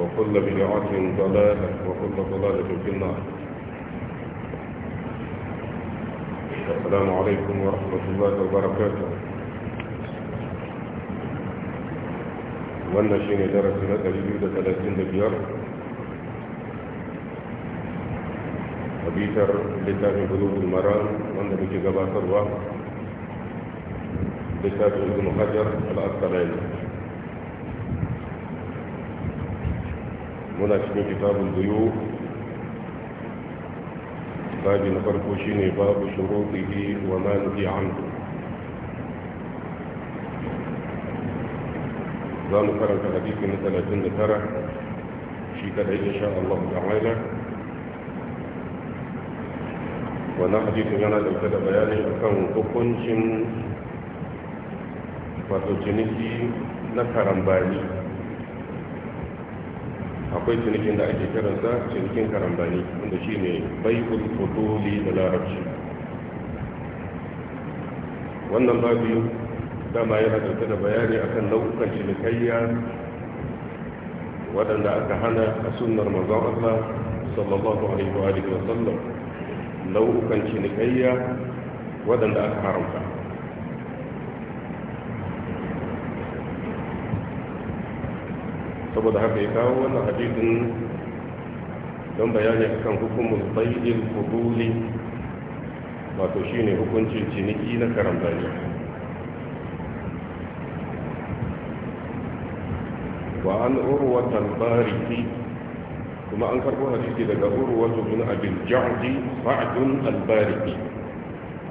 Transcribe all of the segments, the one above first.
وكل بدعات ضلالة وكل ضلالة في النار السلام عليكم ورحمة الله وبركاته والنشين درس لك جديدة ثلاثين دبيار وبيتر لتاني قلوب المران والنبي جبا سروا لتاني ابن حجر الأسلام muna cikin kitabun buyu babi na farko shi ne babu shuruɗihi wa ma nuhi anhu za mu karanta hadisi na tara. shi kadai insha Allah ta'ala wannan hadisin yana dauke da bayani akan hukuncin wato ciniki na karambani akwai cinikin da ake kiransa cinikin karambani wanda shi ne baikul fotoli da larabci wannan babu dama yana dauke da bayani akan nau'ukan cinikayya waɗanda aka hana a sunar manzon Allah sallallahu alaihi wa sallam nau'ukan cinikayya waɗanda aka haramta saboda haka ya kawo wannan hadisin don bayani akan hukumul bayyil fuduli wato shine hukuncin ciniki na karambani wa an urwa al-bariki kuma an karbo hadisi daga urwat bin abin ja'di sa'd al-bariki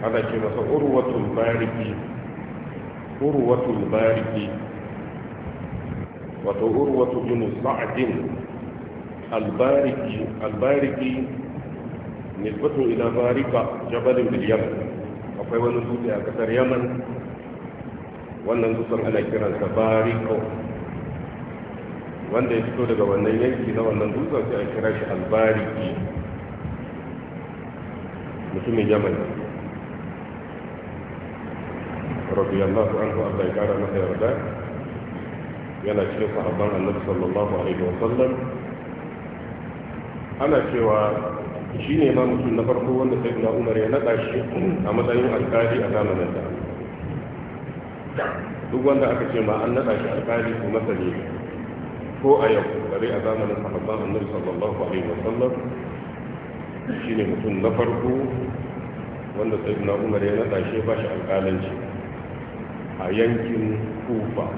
hada shi masa urwa al-bariki urwat bariki وتهروة بن سعد الباركي الباركي نسبته إلى باركة جبل من اليمن وفي ونسوط أكثر يمن وننصر على كرانك باركة وان دي سكولة وان ينكي نوى ننصر على كرانك الباركي مسمي جمل رضي الله عنه أبدا يكارا نخير ذلك yana cikin sahabban annabi sallallahu alaihi wa sallam ana cewa shi ne ma mutum na farko wanda sai na umar ya naɗa shi a matsayin alƙali a zamanin da duk wanda aka ce ma an naɗa shi alƙali ko masani ko a yau bare a zamanin sahabban annabi sallallahu alaihi wa sallam shi ne mutum na farko wanda sai na umar ya naɗa shi ba shi alƙalanci a yankin kufa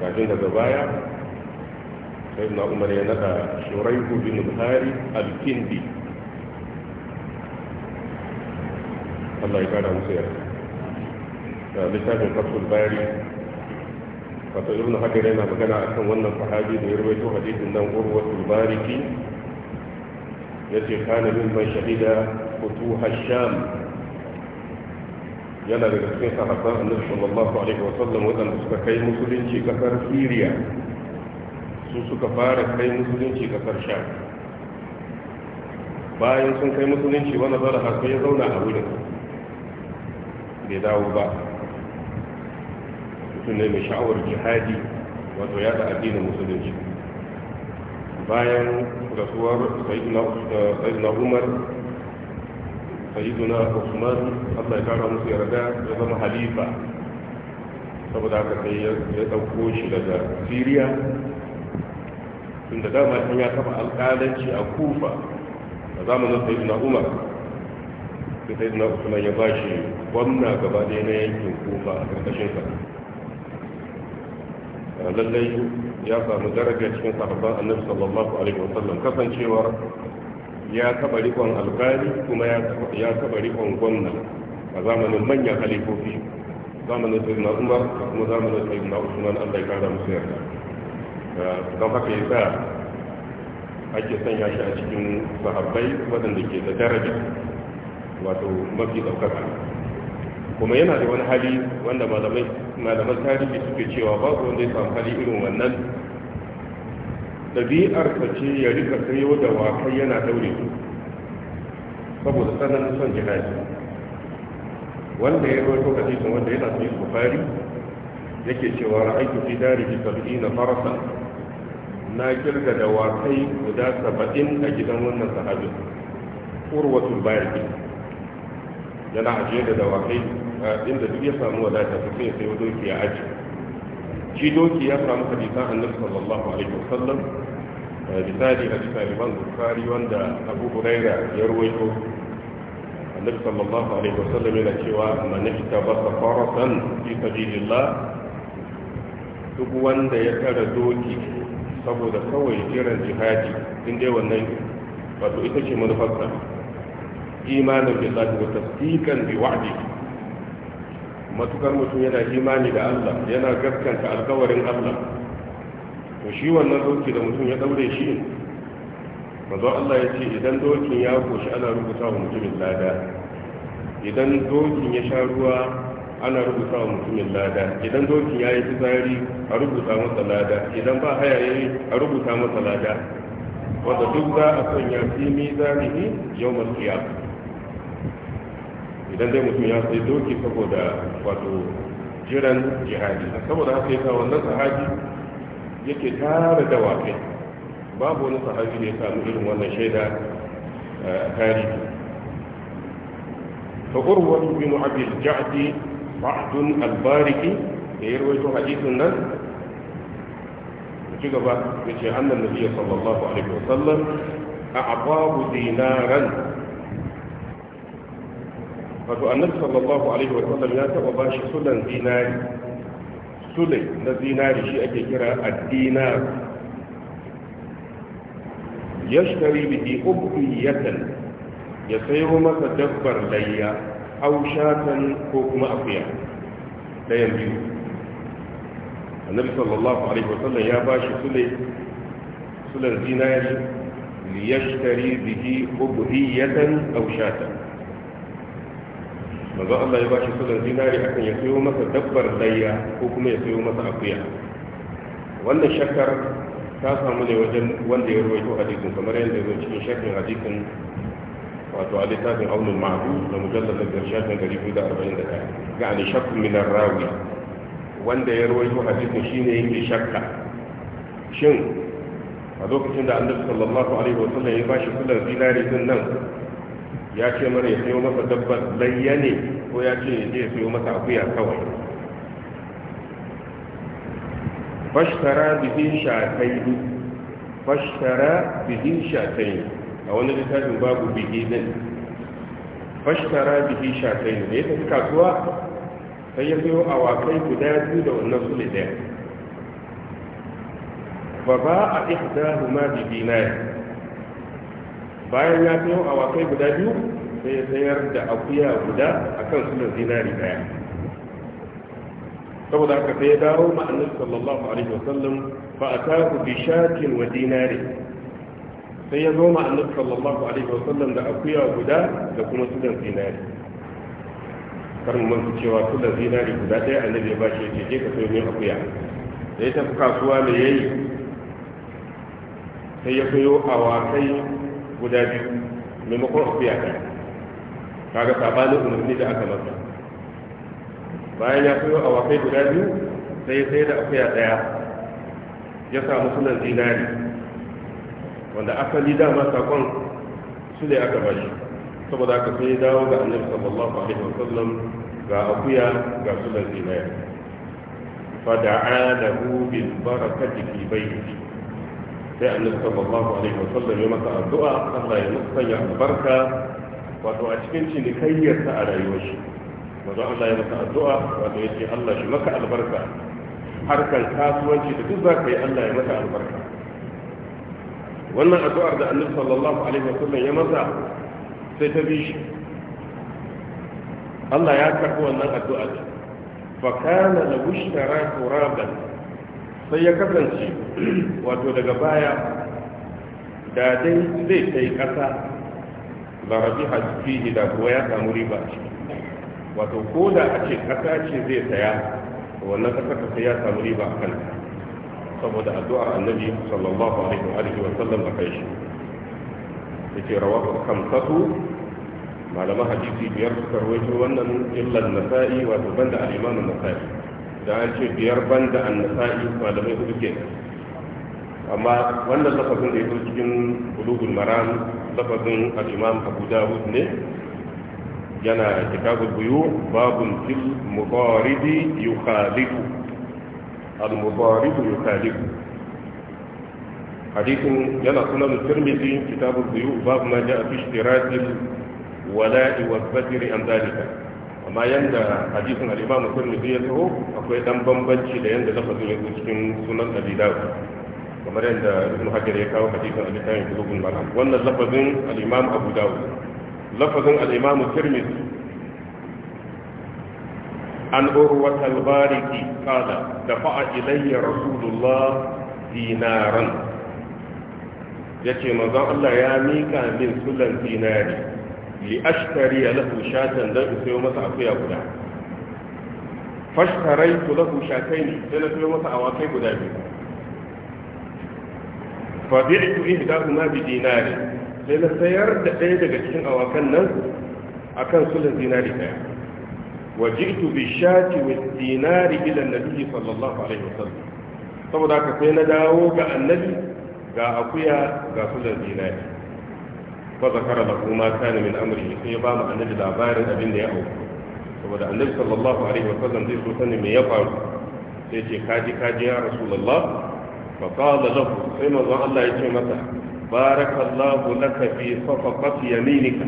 كاتين زبايا سيدنا عمر ينقى شريف بن بهاري الكندي الله يكاد مسير لكاتب فتح الباري فتح ابن حجر هنا بكنا أكثر من الصحابي ليروي حديث أنه أروة الباركي التي كان ممن شهد فتوح الشام yana daga cikin sahabban annabi sallallahu alaihi wa sallam wadanda suka kai musulunci kasar Syria su suka fara kai musulunci kasar Sham bayan sun kai musulunci wani zara har ya zauna a wurin bai dawo ba mutum ne mai sha'awar jihadi wato yada addinin musulunci bayan rasuwar sayyidina eh, umar sayyiduna Usman Allah ya kara musu yarda ya zama halifa saboda haka sai ya dauko shi daga Syria tunda dama sun ya taba alƙalanci a Kufa a zamanin sayyiduna Umar sai sayyiduna Usman ya bashi gwamna gaba ɗaya na yankin Kufa a ƙarƙashin sa lallai ya samu daraja cikin sahabban annabi sallallahu alaihi wasallam kasancewar ya taba rikon alkali kuma ya taba rikon gwamna a zamanin manyan halifofi zamanin na umar da kuma zamanin na usman allai kada musu yarda eh, don haka ya sa ake sanya shi a cikin sahabbai waɗanda ke da daraja wato mafi ɗaukaka kuma yana da wani hali wanda malaman tarihi suke cewa babu wanda ya samu hali irin wannan ɗabi'arsa ce ya rika sayo da wakai yana daure saboda tsananin son jihadi wanda ya rawaito hadisin wanda yana sahih bukhari yake cewa ra'aytu fi dari bi na farasan na kirga da wakai guda saba'in a gidan wannan sahabin urwatul bayaki yana ajiye da dawakai inda duk ya samu wadata su sai sai doki ya aji shi doki ya samu hadisan annabi sallallahu alaihi wasallam Eh, misali hadisa liman bukari wanda abu huraira ya ruwaito annabi sallallahu alaihi wasallam yana cewa man ba farasan fi sabilillah duk wanda ya tara doki saboda kawai jiran jihadi in dai wannan wato ita ce manufarsa imanin billahi wa tasdiqan bi wa'dihi matukar mutum yana imani da Allah yana gaskanta alkawarin Allah to shi wannan doki da mutum ya daure shi mazo Allah ya ce idan dokin ya koshi ana rubuta wa mutumin lada idan dokin ya sha ruwa ana rubuta wa mutumin lada idan dokin ya yi fitsari a rubuta masa lada idan ba haya yayi a rubuta masa lada wanda duk za a sanya fi yau yawmal qiyamah idan dai mutum ya sai doki saboda wato jiran jihadi saboda haka yasa wannan sahaji yake tara dawakai babu wani sahabi da ya samu irin wannan shaida tarihi fa urwa bin abi al-ja'di ba'd al-bariki da ya rawaito hadisin nan ci gaba yace annan nabi sallallahu alaihi wasallam a'tahu dinaran wato annabi sallallahu alaihi wasallam ya taba bashi sunan dinari sule na zinari shi ake kira addina ya shari bihi ubiyatan ya sayo masa dabbar layya au shatan ko kuma afiya ɗayan biyu annabi sallallahu alaihi wasallam ya ba shi sule sulan zinari liyashtari bihi ubiyatan au shatan manzo Allah ya bashi kudin dinari akan ya sayo masa dabbar layya ko kuma ya sayo masa akuya wannan shakkar ta samu ne wajen wanda ya rawaito hadisin kamar yadda zai cikin shakkin hadisin wato a littafin aunin ma'adu da mujallar da shafin gari biyu da arba'in da ɗaya ga ali shakkun minar rawi wanda ya rawaito hadisin shine yake shakka shin a lokacin da annabi sallallahu alaihi wasallam ya bashi kudin dinari din nan ya ce mana ya sayo masa dabbar layya ne ko ya ce ya je ya sayo masa akuya kawai fashtara bihin shataini fashtara bihin shataini a wani littafin babu bihi ne. fashtara bihin shataini ne ya tafi kasuwa sai ya sayo wakai guda biyu da wannan sule daya ba ba a ihdahuma bi dinari bayan ya sayo awakai guda biyu sai ya sayar da akuya guda a kan sunan zinari daya saboda haka sai ya dawo ma'anar sallallahu alaihi wasallam fa taku bi shakin wa dinari sai ya zo ma'anar sallallahu alaihi wasallam da akuya guda da kuma sunan zinari kar mu manta cewa sunan zinari guda daya annabi ya bashi ya je ka sayo ne akuya da ya tafi kasuwa me yayi sai ya sayo awakai guda biyu maimakon akuya ɗaya kaga sabanin umarni da aka masa bayan ya a wakai guda biyu sai sai da akuya ɗaya ya samu sunan zinari wanda asali dama sakon su ne aka bashi saboda aka sai dawo ga annabi sallallahu alaihi wasallam ga akuya ga sunan zinari fada'a lahu bil barakati fi yi. النبي صلى الله عليه وسلم يوم الدعاء الله يمتعي عن بركة ودعا تكينشي لكي يتعالى يوشي ودعا الله يمتع الدعاء ودعا يتعالى الله يمتع البركة حركة الكاف وانشي لكذا كي الله يمتع البركة وانا الدعاء دعا النبي صلى الله عليه وسلم يمتع سيتبيش الله يكره وانا الدعاء فكان لوشترى ترابا sai ya kasance wato daga baya da dai zai kai ƙasa ba rabi hajji da kuwa ya samu riba ce wato ko da a ce ƙasa ce zai saya wannan ƙasa ta ya samu riba a kan saboda addu'a annabi sallallahu alaihi wa sallam da kai shi yake kam kamsatu malama hadisi biyar suka rawaito wannan illan nasa'i wato banda al-imam an-nasa'i da an ce biyar ban da annasa'i malamai hudu ke. amma wannan lafazin da ya zo cikin bulugul maram lafazin al-imam abu dawud ne yana kitabul buyu babun fil mubaridi yukhalifu al-mubaridu yukhalifu hadisin yana sunan tirmidhi kitabul buyu babu ma ja'a fi ishtirakil wala'i wa badri an dalika amma yadda hadisin al-imam turmidi ya taho akwai dan bambanci da yadda lafazin ya zo cikin sunan abi dawud kamar yadda ibn hajar ya kawo hadisin al-imam bulugul maram wannan lafazin al-imam abu dawud lafazin al-imam turmidi an urwa al-bariki qala dafa'a ilayya rasulullah dinaran yace manzon Allah ya mika min sulan dinari li ashtari lahu shatan da ku sayo masa akuya guda fashtaraitu lahu ne sai na sayo masa awakai guda biyu fa bi'tu ihdahuma bi dinari sai na sayar da ɗaya daga cikin awakan nan akan sulhun dinari ɗaya wa ji'tu bi shati wa dinari ila annabi sallallahu alaihi wasallam saboda haka sai na dawo ga annabi ga akuya ga sulhun dinari fa zakara lahu ma kana ya ba mu annabi labarin abin da ya auku saboda annabi sallallahu alaihi wa sallam zai so sanin me ya faru sai ce kaji kaji ya rasulullah fa qala lahu sai manzon Allah ya ce masa barakallahu laka fi safaqati yaminika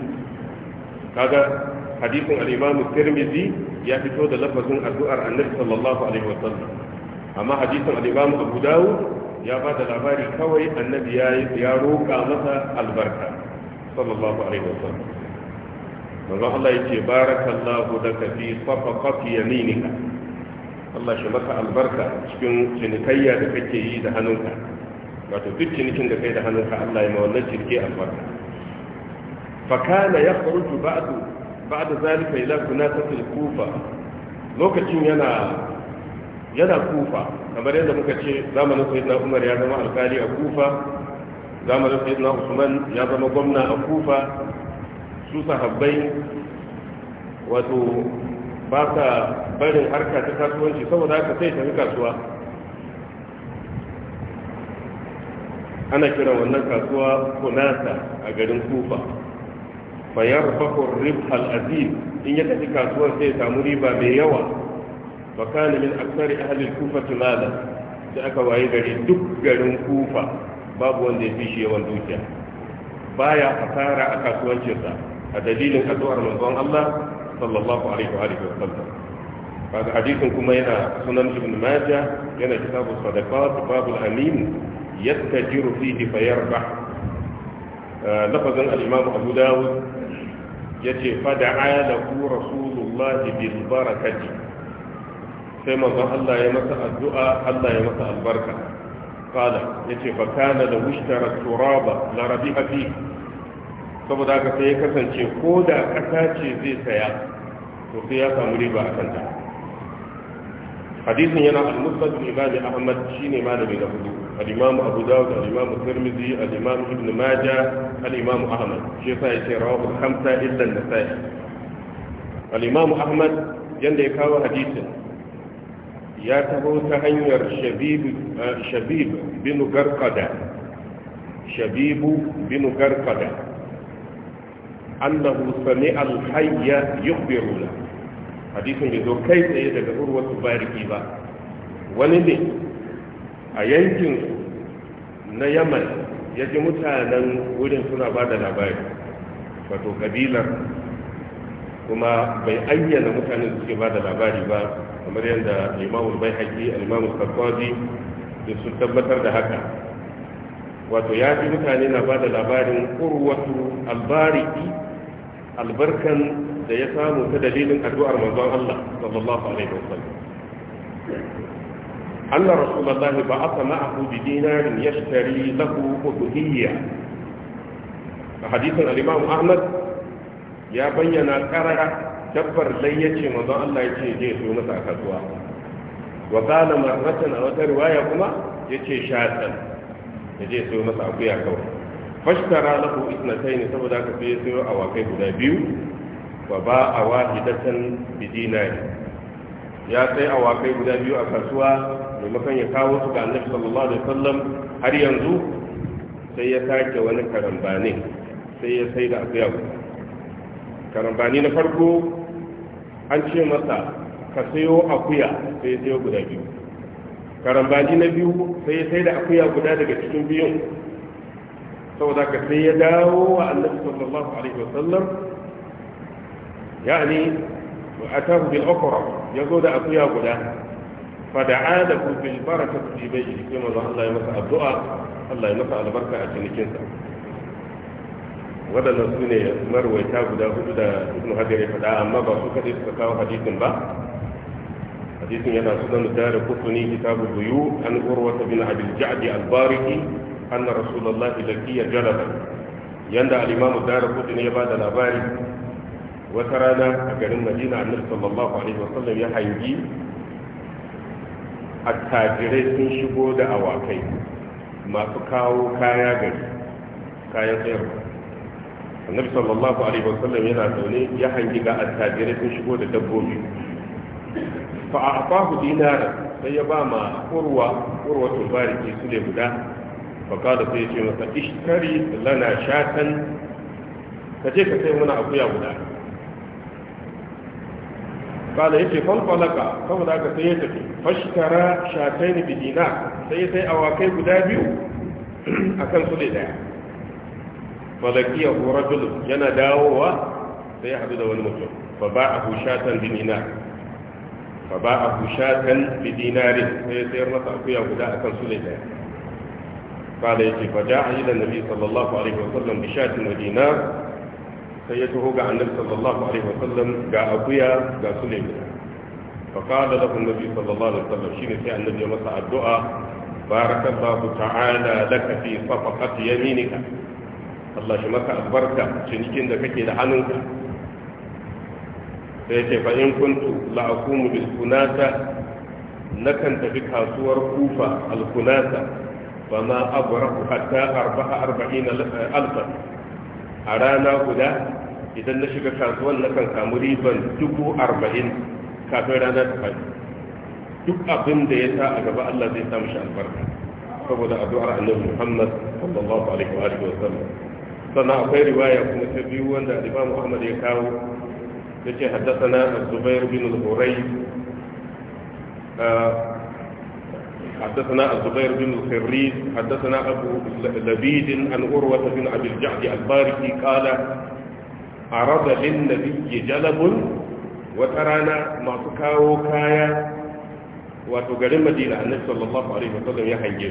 kaga hadisin al ya fito da lafazin addu'ar annabi sallallahu alaihi wa sallam amma hadisin al-imam abu ya ba da labari kawai annabi ya roƙa masa albarka sallallahu alaihi wasallam manzon Allah yake barakallahu daka fi safaqati yaminika Allah shi maka albarka cikin cinikayya da kake yi da hannunka wato duk cinikin da kai da hannunka Allah ya ma wannan cinike albarka fa kana yakhruju ba'du ba'da zalika ila kunatil kufa lokacin yana yana kufa kamar yadda muka ce zamanin sayyidina Umar ya zama alkali a kufa zamanin sayyidina usman ya zama gwamna a kufa su sahabbai wato ba sa barin harka ta kasuwanci saboda haka sai tafi kasuwa ana kira wannan kasuwa kunasa a garin kufa fayar fakon rib al'azim in ya tafi kasuwar sai samu riba mai yawa fakani min aksari ahalin kufa tunada da aka waye gari duk garin kufa babu wanda ya fi shi yawan dukiya baya asara a kasuwancinsa a dalilin addu'ar manzon Allah sallallahu alaihi wa alihi wa sallam kaga hadisin kuma yana sunan ibn majah yana kitabu sadaqat babul amin yattajiru fihi fayarbah eh, lafazan al-imam abu dawud yace fada'a lahu rasulullah bil barakati sai manzon Allah ya masa addu'a Allah ya masa albarka qala yace fa kana da mushtara turaba na rabiha fi saboda aka sai ya kasance ko da kasa ce zai saya to sai ya samu riba a kanta hadisin yana al-musnad imam ahmad shine malami da hudu al-imam abu dawud al-imam tirmidhi al-imam ibn majah al-imam ahmad shi ya yace rawahu al-khamsa illa an-nasa'i al-imam ahmad yanda ya kawo hadisin ya taɓa ta hanyar shabib eh, bin garkada shabibu bin garkada annahu sami alhayya yukbiruna hadisun bai zo kai tsaye daga urwatu bariki ba wani ne a yankin na yaman ya ji mutanen wurin suna ba da labari wato kabilar kuma bai ayyana mutanen suke ba da labari ba kamar yadda imamul bai haƙi Alimamul karkwazi da sun tabbatar da haka wato ya fi mutane na ba da labarin kurwatu albariki albarkan da ya samu ta dalilin addu'ar manzon Allah sallallahu alaihi wasallam anna rasulullah ba'atha ma'ahu bi dinarin yashtari lahu ubuhiyya a hadisin al Ahmad ya bayyana karara tabbar lai ya ce mazan Allah ya ce je so masa a kasuwa wa kana marratan a wata riwaya kuma ya ce shatan ya je so masa akuya kawai fashtara lahu isnatayn saboda ka fiye ya sayo wakai guda biyu wa ba a wahidatan bi dinari ya sai wakai guda biyu a kasuwa maimakon ya kawo su ga annabi sallallahu alaihi wasallam har yanzu sai ya sake wani karambani sai ya sai da akuya karambani na farko an ce masa ka sayo akuya sai ya sayo guda biyu karambaji na biyu sai ya sai da akuya guda daga cikin biyun saboda ka sai ya dawo wa annabi sallallahu alaihi wasallam yani atahu bil okra ya zo da akuya guda fada'a da ku bil baraka fi bayyi sai manzo Allah ya masa addu'a Allah ya masa albarka a cikin sa waɗannan su ne marwaita guda hudu da ibn hajar ya faɗa amma ba su kaɗai suka kawo hadisin ba hadisin yana sunan da kutuni kitabu buyu an urwata bin abil ja'di al-bariki anna rasulullah lakiya jalaba yanda al-imam dar kutuni ya bada labari wata rana a garin madina annabi sallallahu alaihi wasallam ya hangi attajirai sun shigo da awakai masu kawo kaya gari kayan sayarwa annabi sallallahu alaihi wasallam yana zaune ya hangi ga attajirai sun shigo da dabbobi fa a afahu dinara sai ya ba ma urwa urwa bariki su ne guda fa kada sai ya ce masa ishtari lana shatan ka je ka sai muna akuya guda kada ya ce falaka saboda haka sai ya tafi fashtara shatai ne bi dinar sai ya sai awakai guda biyu akan su ne daya فلقيه رجل جنى داوى dawowa sai ya hadu da فباعه شاة بدينار ba a hushatan bin ina fa ba a hushatan bi قال يجي فجاء إلى النبي صلى الله عليه وسلم بشاة ودينار سيته قع النبي صلى الله عليه وسلم قع أبويا قع سليمان فقال له النبي صلى الله عليه وسلم شين في النبي مسعى الدعاء بارك الله تعالى لك في صفقة يمينك Allah shi maka albarka cinikin da kake da hannunka sai ce fa in kuntu la aqumu bil kunata nakan tafi kasuwar kufa al kunata fa ma abrahu hatta arba'a arba'ina alfan a rana guda idan na shiga kasuwan kan samu riban dubu arba'in kafin rana ta faɗi duk abin da ya sa a gaba Allah zai samu shi albarka saboda addu'ar annabi Muhammad sallallahu alaihi wa sallam sannan akwai riwaya kuma ta biyu wanda Imam Ahmad ya kawo yace haddathana Zubair bin al حدثنا الزبير بن الخريج حدثنا أبو لبيد عن أروة بن أبي الجعد الباركي قال عرض للنبي جلب وترانا ما تكاو كايا وتقرم مدينة النبي صلى الله عليه وسلم يحيي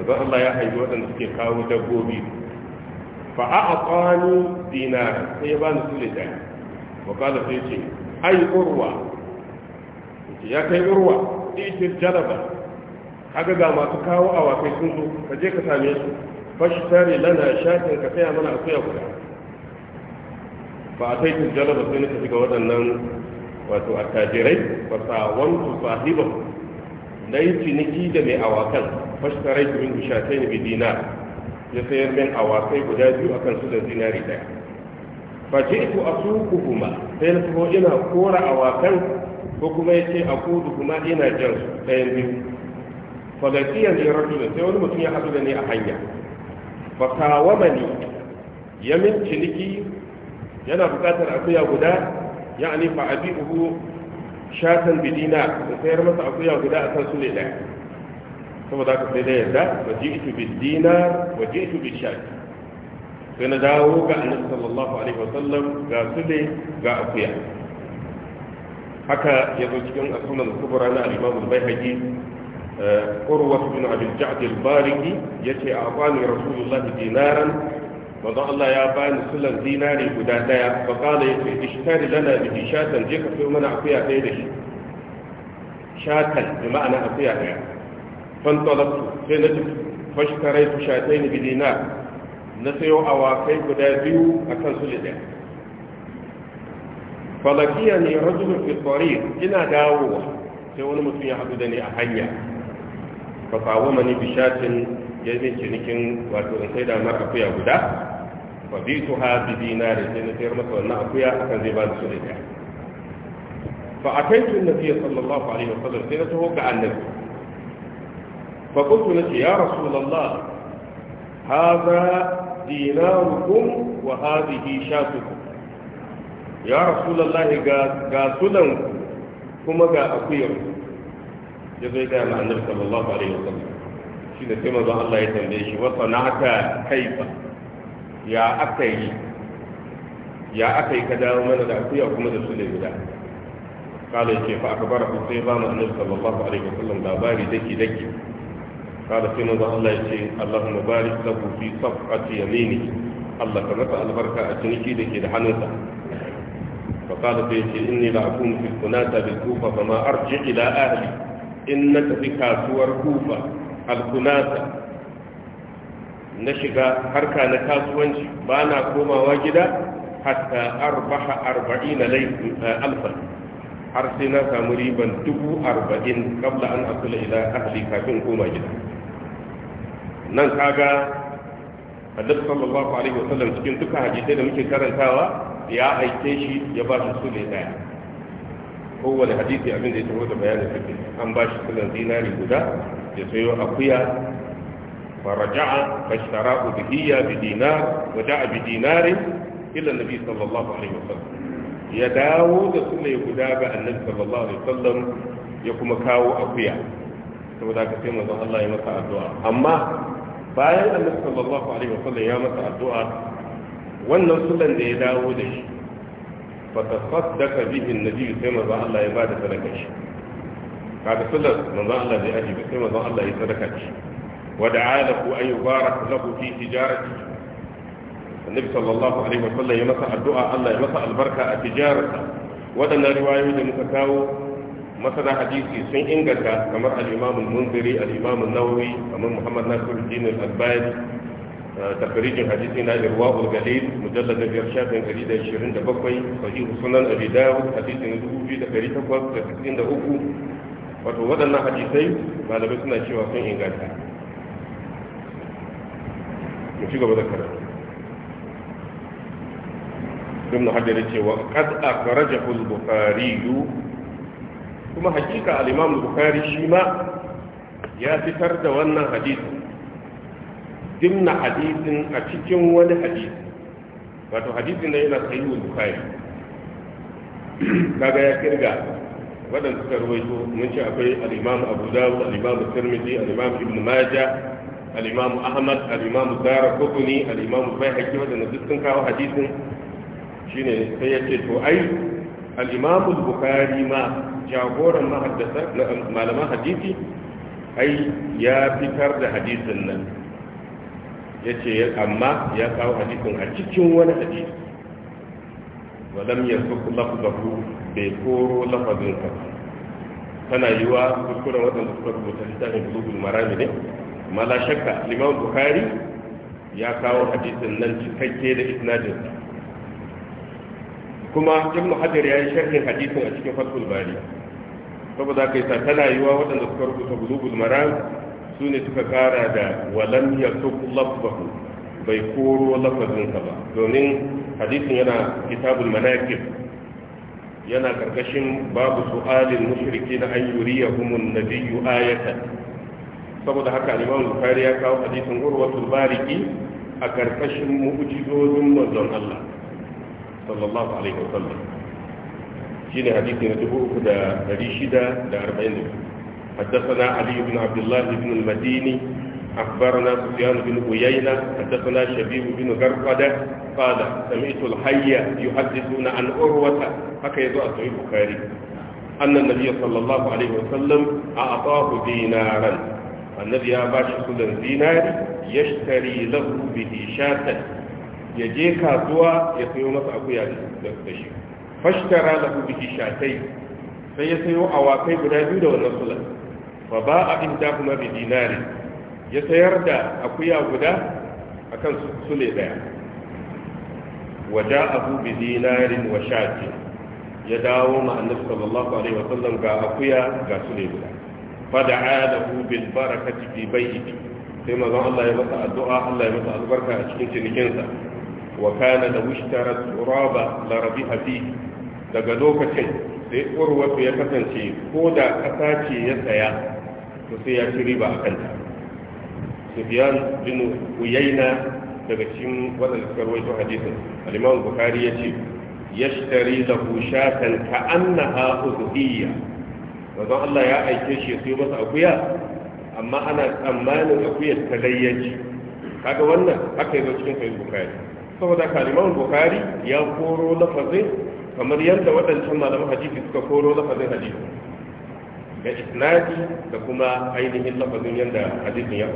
manzon Allah ya haifi waɗanda suke kawo dabbobi fa a aqani dinar sai ya bani sule da wa kala sai ce ai urwa ya kai urwa itir jalaba kaga ga masu kawo awakai sun zo ka je ka same su shi tare lana shafin ka saya mana akuya guda ba a sai tun jalaba sai na ka ga waɗannan wato attajirai ba sa wantu sahiban na yi ciniki da mai awakan fashtarai da min gushatai ne dina, ya sayar min awakai guda biyu a kansu da zinari daya Ba ce ku a ku kuma sai na kuma ina kora awakan ko kuma ya ce a kudu kuma ina jan su ɗayan biyu fagasiyar ne da sai wani mutum ya haɗu da ni a hanya mani ya min ciniki yana buƙatar akuya guda ya'ani fa abi uhu shatan bidina da sayar masa akuya guda a kan sule ɗaya saboda haka sai da yadda wa ji'tu bidina wa ji'tu bishati sai na dawo ga annabi sallallahu alaihi wasallam ga sule ga akuya haka ya zo cikin asunan kubra na al-imam al-baihaqi eh, urwa bin abi al-ja'd al-bariki yace a bani rasulullahi dinaran manzon Allah ya bani sulan dinari guda daya fa kana yace ishtari lana bi shatan je ka sayo mana akuya daya da shi shatan bi ma'ana akuya daya fan talabtu sai na tafi su shatayn bi dinar na sayo awakai guda biyu akan sule daya falakiya ne rajulun fi tariq ina dawowa sai wani mutum ya hadu da ni a hanya fa kawo mani bishatin ya yi cinikin wato in sai damar akuya guda fa bi su ha bi dinari sai na sayar masa wannan akuya akan zai ba da su da fa na fiye sallallahu alaihi wasallam sai na taho ga annabi fa kuntu nace ya rasulullah hadha dinarukum wa hadhihi shatukum ya rasulullah ga ga sunan kuma ga akuyar ya zai ga annabi sallallahu alaihi wasallam shi da sai manzo Allah ya tambaye shi wa sana'ata kaifa ya aka yi ya aka yi ka dawo mana da akuya kuma da su ne guda kala ce fa aka bar sai ba mu annabi sallallahu alaihi wasallam labari daki daki kala sai manzo Allah ce Allahumma barik lahu fi safqati yamini Allah ka masa albarka a ciniki ke da hannunsa fa kala sai ce inni la akunu fil kunata bil kufa fa ma arji ila ahli in na tafi kasuwar kufa al kunata na shiga harka na kasuwanci ba na komawa gida hatta arbaha arba'ina eh, alfan har sai na samu riban dubu arba'in kabla an asula ila ahli kafin koma gida nan kaga hadis sallallahu alaihi wasallam cikin duka hadisai da muke karantawa ya aike shi ya ba shi sule daya kowane hadisi abin da ya taho da bayanin fikin an ba shi sulan dinari guda ya sayo akuya فرجع فاشتراه بهية بدينار وجاء بدينار إلى النبي صلى الله عليه وسلم ya dawo da suna ya guda ga annabi sallallahu alaihi wasallam ya kuma kawo akuya saboda ka sai manzon Allah masa addu'a amma bayan annabi sallallahu alaihi ya masa addu'a wannan sulan da ya dawo da shi fa tasaddaqa bihi annabi sai manzon Allah ya da sadaka shi kaga sulan manzon Allah bai aji ba sai manzon Allah ya sadaka shi ودعا له أن يبارك له في تجارته النبي صلى الله عليه وسلم يمسى الدعاء الله يمسى البركة تجارته ودنا رواية متكاو مثلا حديثي سن إنجتا كما الإمام المنذري الإمام النووي كما محمد ناصر الدين الألباني تخريج حديثنا إرواء الجليل مجلد الإرشاد من جريدة 20 دبقوي صحيح سنن أبي داود حديث ندوه في تقريبا 93 wato waɗannan hadisai malamai suna cewa sun inganta mu ci gaba da karatu ibn hajar ya ce wa qad akhrajahu al-bukhari kuma hakika al-imam al-bukhari shi ma ya fitar da wannan hadisi dimna hadisin a cikin wani hadisi wato hadisin da yana sahihu al-bukhari kaga ya kirga waɗanda suka ruwaito mun ce akwai al-imam abu dawud al-imam tirmidhi al-imam ibn majah alimamu ahmad alimamu imamu zara kutuni al-imamu bai haƙi waɗanda duk sun kawo hadisin shine sai ya ce to ai alimamu imamu bukari ma jagoran mahaddasa malaman hadisi ai ya fitar da hadisin nan ya ce amma ya kawo hadisin a cikin wani hadisi walam ya suku lafazahu bai koro lafazin ka tana yi wa kuskuren waɗanda suka rubuta littafin bulugul marami ne amma la shakka limam bukhari ya kawo hadisin nan cikakke da isnadin kuma ibnu hajar ya yi sharhin hadisin a cikin fatul bari saboda kai sa tana yiwa waɗanda suka rubuta bulugul maram su suka kara da walam yasuk lafzahu bai koro ka ba domin hadisin yana kitabul manakib yana karkashin babu su'alin mushriki na an yuriyahumun nabiyyu ayatan saboda haka limamin bukari ya kawo hadisin urwatul bariki a karkashin mu'jizojin manzon Allah sallallahu alaihi wasallam shine hadisi na 3640 haddathana ali ibn abdullah ibn al-madini اخبرنا سفيان بن عيينة حدثنا شبيب بن قرقدة قال سمعت الحي يحدثون عن عروة هكذا الصحيح البخاري أن النبي صلى الله عليه وسلم أعطاه دينارا annabi ya ba shi kudin zinari ya shari lahu bihi shatan ya je kasuwa ya sayo masa akuya da shi fashtara lahu bihi shatai sai ya sayo awakai guda biyu da wannan sulan fa ba a inda kuma bi dinari ya sayar da akuya guda akan sule daya waja abu bi dinarin wa shati ya dawo ma annabi sallallahu alaihi wasallam ga akuya ga sule guda fada'a lahu bil barakati fi bai'i sai manzon Allah ya masa addu'a Allah ya masa albarka a cikin cinikinsa wa kana da wishtara turaba la rabiha fi daga lokacin sai urwatu ya kasance ko da kasa ce ya saya to sai ya ci riba akan ta sufyan bin uyayna daga cikin wadanda suka rawaito hadisin al-imam bukhari yace yashtari lahu shatan ka'annaha udhiyya mazan Allah ya aike shi sai masa akuya amma ana tsammanin akuya ta layyaci kaga wannan haka yazo cikin sahih bukhari saboda kalimar bukhari ya koro lafazin kamar yadda waɗancan malaman hadisi suka koro lafazin hadisi da isnadi da kuma ainihin lafazin yadda hadisin ya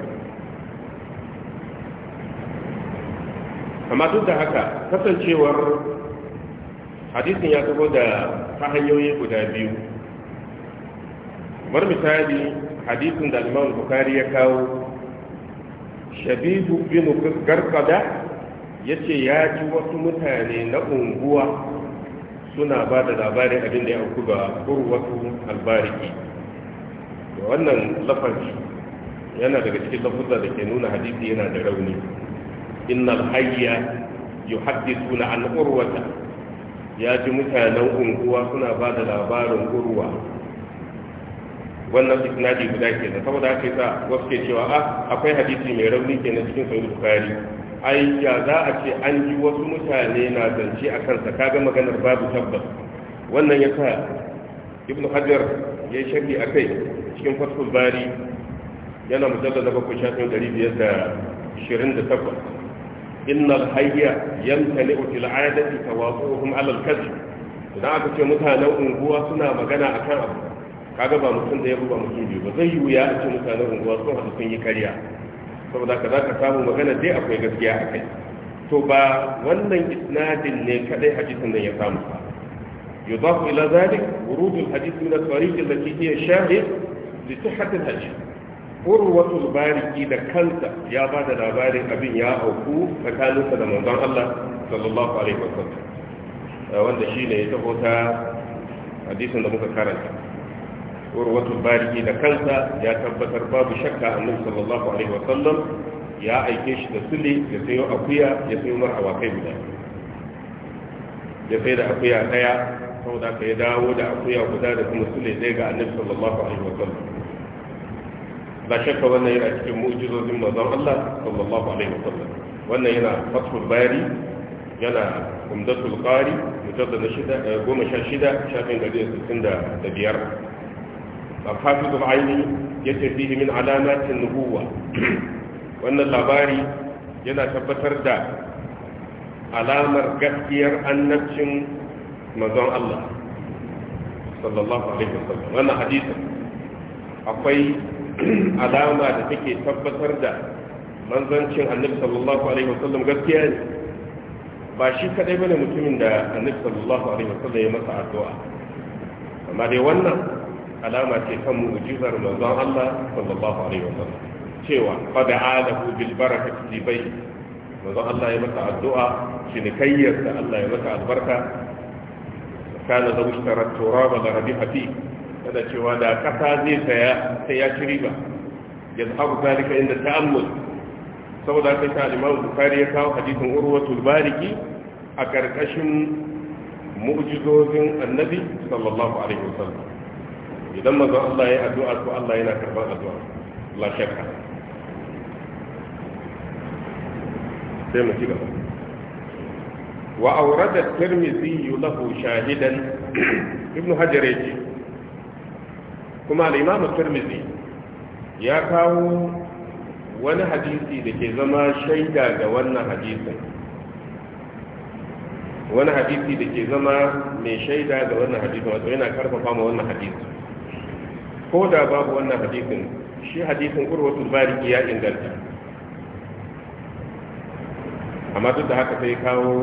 amma duk da haka kasancewar hadisin ya taho da ta hanyoyi guda biyu kamar misali hadisin da imam bukari ya kawo shabibu bin garkada ya ce ya ji wasu mutane na unguwa suna ba da labarin abin da ya auku ga kurwatu albariki da wannan lafazi yana daga cikin lafuzza da ke nuna hadisi yana da rauni innal hayya yuhaddithuna an urwata ya ji mutanen unguwa suna ba da labarin urwa wannan isnadi guda ke da saboda haka yasa wasu ke cewa a ah, akwai hadisi mai rauni ke na cikin sahih bukhari ai ya za a ce an yi wasu mutane na zance a kansa Ka ga maganar babu tabbas wannan ya yasa ibnu hajar ya yi a kai cikin fathul bari yana mujallal na bakwai shafin dari biyar da ishirin da takwas innal hayya yamtani'u fil 'adati tawaduhum wasu al-kadhib idan aka ce mutanen unguwa suna magana akan abu kaga ba mutum da ya ba mutum biyu ba zai yi wuya a ce unguwar sun haɗu sun yi karya saboda ka ka samu magana dai akwai gaskiya a kai to ba wannan isnadin ne kadai hadisin nan ya samu ba yudafu ila zalik wurudul hadith min at-tariq allati hiya shahid li sihhati al-hadith urwatul bariki da kansa ya ba da labarin abin ya auku tsakaninsa da manzon Allah sallallahu alaihi wasallam wanda shine ya taho ta hadisin da muka karanta urwatul barihi da kansa ya tabbatar babu shakka annabi sallallahu alaihi wasallam ya aike shi da sule ya sayo akuya ya sayo mar awakai guda ya sai da akuya daya saboda ka ya dawo da akuya guda da kuma sule ɗaya ga annabi sallallahu alaihi wasallam la shakka wannan yana cikin mu'jizozin manzon Allah sallallahu alaihi wasallam wannan yana fathul bari yana umdatul qari mujallad na 16 shafin 165 hafizul aini ya ce fihi min alamatin nubuwa wannan labari yana tabbatar da alamar gaskiyar annabcin manzon Allah sallallahu alaihi wasallam wannan hadisin akwai alama da take tabbatar da manzancin annabi sallallahu alaihi wasallam gaskiya ne ba shi kadai bane mutumin da annabi sallallahu alaihi wasallam ya masa addu'a amma dai wannan alama ce kan mu'jizar manzon Allah sallallahu alaihi wasallam cewa fa da'alahu bil barakati fi bayt manzon Allah ya masa addu'a shi ne cinikayyar da Allah ya masa albarka kana da mushtara turaba da rabiha fi kada cewa da kasa zai saya sai ya ci riba ya yazhabu zalika inda ta'ammul saboda kai ta Imam Bukhari ya kawo hadisin Urwatul Bariki a karkashin mu'jizozin Annabi sallallahu alaihi wasallam idan manzon Allah ya yi addu'a to Allah yana karban addu'a la shakka sai mu ci gaba wa aurada tirmidhi lahu shahidan ibn hajar yake kuma al-imam tirmidhi ya kawo wani hadisi da ke zama shaida ga wannan hadisin wani hadisi da ke zama mai shaida ga wannan hadisin wato yana karfafa ma wannan hadisi ko da babu wannan hadisin shi hadisin urwatul bariki ya inganta amma duk da haka sai kawo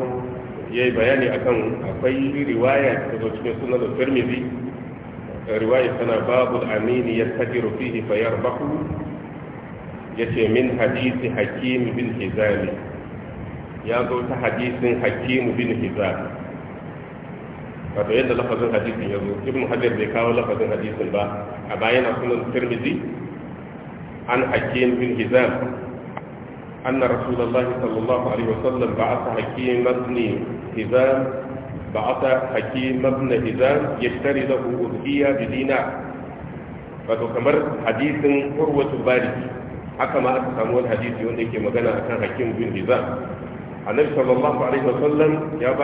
yayi bayani akan akwai riwaya da zo cikin sunan Tirmidhi riwaya tana babu al-amini yastajiru fihi fayarbahu yace min hadisi hakim bin hizami ya zo ta hadisin hakim bin hizami wato yadda lafazin hadisin ya zo ibn hajar bai kawo lafazin hadisin ba a bayan sunan tirmidhi an hakim bin hizam anna rasulullah sallallahu alaihi wasallam ba'atha hakim ibn hizam ba'atha hakim ibn hizam yashtari lahu udhiya bi dinar kamar hadisin urwatul bariki haka ma aka samu wani hadisi wanda yake magana akan hakim bin hizam annabi sallallahu alaihi wasallam ya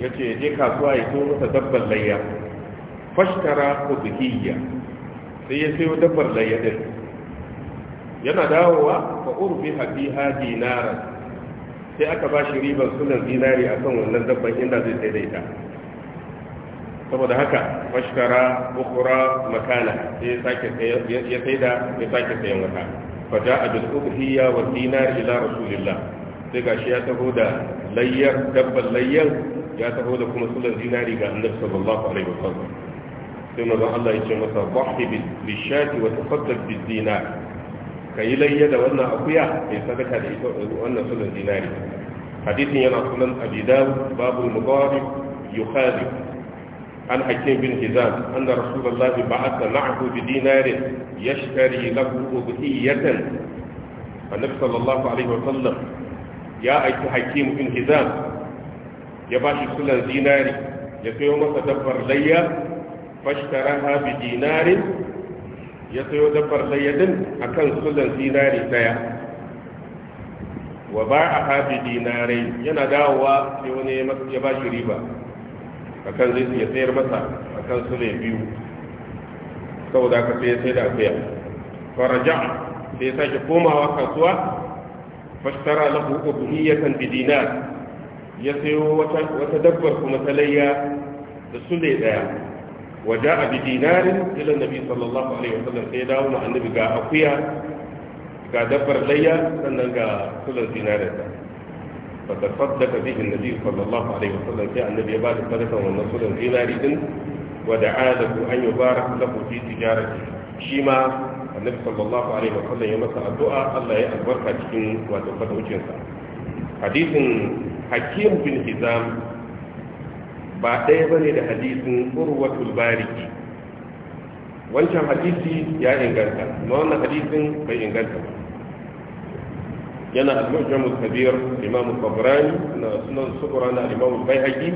ya ce je kasuwa ya so masa dabbar layya fashtara uzuhiyya sai ya sayo dabbar layya din yana dawowa fa urbi hafiha dinaran sai aka ba shi ribar sunan dinari a kan wannan dabban inda zai daidaita saboda haka fashkara ukura makana sai ya sake ya saida ya sake sayan wata fa ja'a bil udhiya wa dinar ila rasulillah sai gashi ya taho da layyar dabban layyan ya taho da kuma sunan zinari ga annabi sallallahu alaihi wasallam sai manzo Allah ya ce masa bahi bil shati wa tafaddal bil dinar kai layya da wannan akuya kai sadaka da ita wannan sunan zinari hadisin yana sunan abi dawud babu muqarib yukhalif an حكيم bin هزام anna rasulullahi ba'atha بعث bi بدينار yashtari lahu أبهية annabi sallallahu alaihi wasallam ya يا hakim bin بن ya ba shi sulan dinari ya sayo masa dabbar layya fashtara ha bi dinari. ya sayo dabbar layya din akan sulan dinari daya wa ba a hafi dinarai yana dawowa sai wani ya ba shi riba a kan zai ya sayar masa a kan ne biyu saboda ka sai sai da akuya faraja sai ya sake komawa kasuwa fashtara lahu ubniyatan bi dinari ya sayo wata dabbar kuma ta layya da sule daya waje a bi dinarin ilan nabi sallallahu alaihi wasallam sai dawo ma annabi ga akuya ga dabbar layya sannan ga sulan dinarin ta fa tasaddaqa bihi annabi sallallahu alaihi wasallam sai annabi ya ba da sadakan wannan sulan dinari din wa da'a lahu an yubarak lahu fi tijarati shi ma annabi sallallahu alaihi wasallam ya masa addu'a Allah ya albarka cikin wato fadaucin sa hadisin hakim bin hizam ba ɗaya ba ne da hadisin urwatul bariki wancan hadisi ya inganta na wannan hadisin bai inganta ba yana al-mujamul kabir imam al-babrani na sunan Sukura na imam al-baihaqi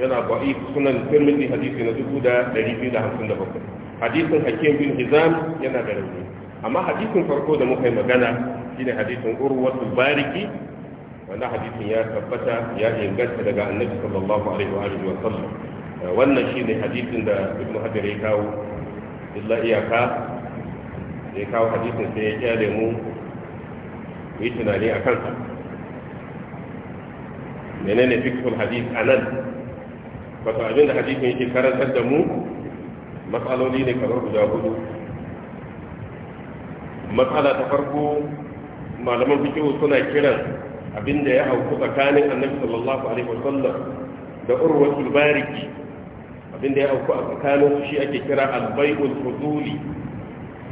yana ba'i sunan tirmidhi hadisi na 2257 hadisin hakim bin hizam yana da rauni amma hadisin farko da muka yi magana shine hadisin urwatul bariki wannan hadisin ya tabbata ya inganta daga annabi sallallahu alaihi wa alihi wa sallam eh, wannan shine hadisin da ibnu hajar ya kawo illa iyaka ya kawo hadisin sai ya kyale mu yi tunani a kansa menene fikhul hadis anan wato abin da hadisin yake karantar da mu matsaloli ne kamar guda hudu matsala ta farko malaman fikihu suna kiran abinda ya hauku tsakanin annabi sallallahu alaihi wasallam da urwatul bariki abinda ya hauku a tsakanin su shi ake kira albai'ul fuduli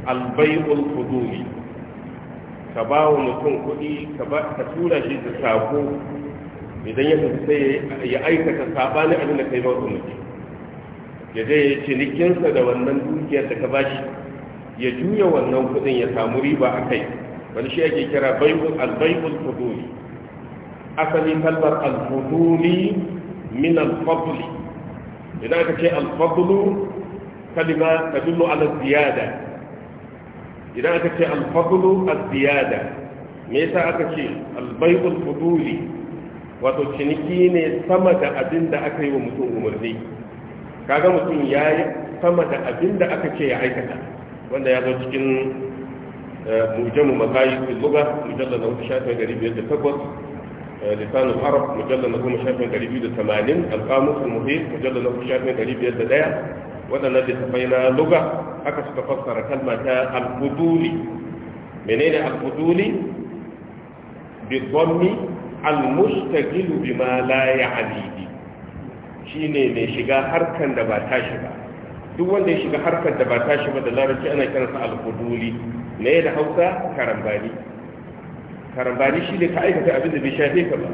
albai'ul fuduli ka ba wa mutum kuɗi ka tura shi da sako idan ya tafi sai ya aikata sabanin abin da kai ba umarci ya zai ya cinikinsa da wannan dukiyar da ka ba shi ya juya wannan kuɗin ya samu riba a kai wani shi ake kira albaibul fuduli Asali kalmar al-fuduli min al-fadli idan aka ce al-fadlu kalima tadullu ala ziyada idan aka ce al-fadlu az-ziyada me yasa aka ce al fuduli wato ciniki ne sama da abin da aka yi wa mutum umarni kaga mutum ya yi sama da abin da aka ce ya aikata wanda ya zo cikin eh, mujamu makayi luga mujalla na wata shafi gari biyar da takwas لسان العرب مجلد نقوم شافين قريب يد ثمانين القاموس المحيط مجلد نقوم شافين قريب يد دايا ودنا لتفينا لغة أكس تفسر كلمة الفضولي منين الفضولي بالضم المستقل بما لا يعني به shine mai shiga harkan da ba tashi ba duk wanda ya shiga harkan da ba tashi ba da larabci ana kiransa alfuduli ne da hausa karambani karambani shi ne ka aikata abin da bai shafe ka ba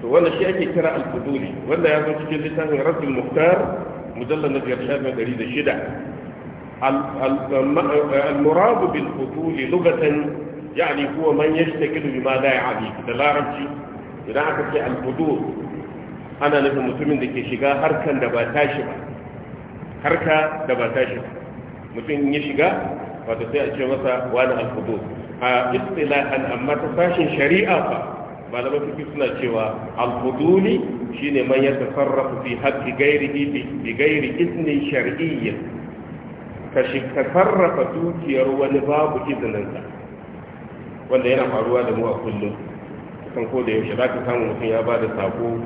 to wannan shi ake kira al-fuduli wanda ya zo cikin littafin rasul muhtar mujallal na biyar shafin ɗari da shida al-muradu bil fuduli lugatan yani huwa man yashtakilu bima la ya'ni da larabci idan aka ce al-fudul ana nufin mutumin da ke shiga harkan da ba tashi ba harka da ba tashi ba mutum ya shiga wato sai a ce masa wani al-fudul a istilahan amma ta fashin shari'a ba malamai suke suna cewa al-fuduli shine man ya tasarrafu fi haqqi ghairihi bi ghairi iznin shar'iyyin ka shi tasarrafa dukiyar wani babu izininsa wanda yana faruwa da mu a kullum kan ko da yaushe zaka samu mutum ya ba da sako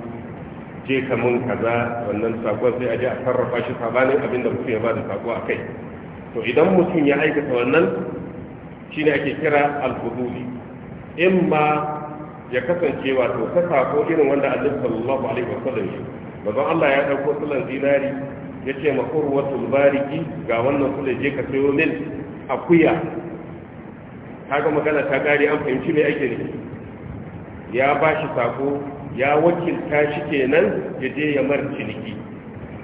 je ka mun kaza wannan sakon sai a je a sarrafa shi sabanin abin da mutum ya ba da sako a kai to idan mutum ya aikata wannan shine ake kira al-fuduli imma ya kasance wato ta sako irin wanda annabi sallallahu alaihi wasallam ya bazan Allah ya dauko sulan zinari ya ce ma urwatul bariki ga wannan sulan je ka sayo min akuya kaga magana ta gari an fahimci me ake ne ya bashi sako ya wakilta shi kenan ya je ya mar ciniki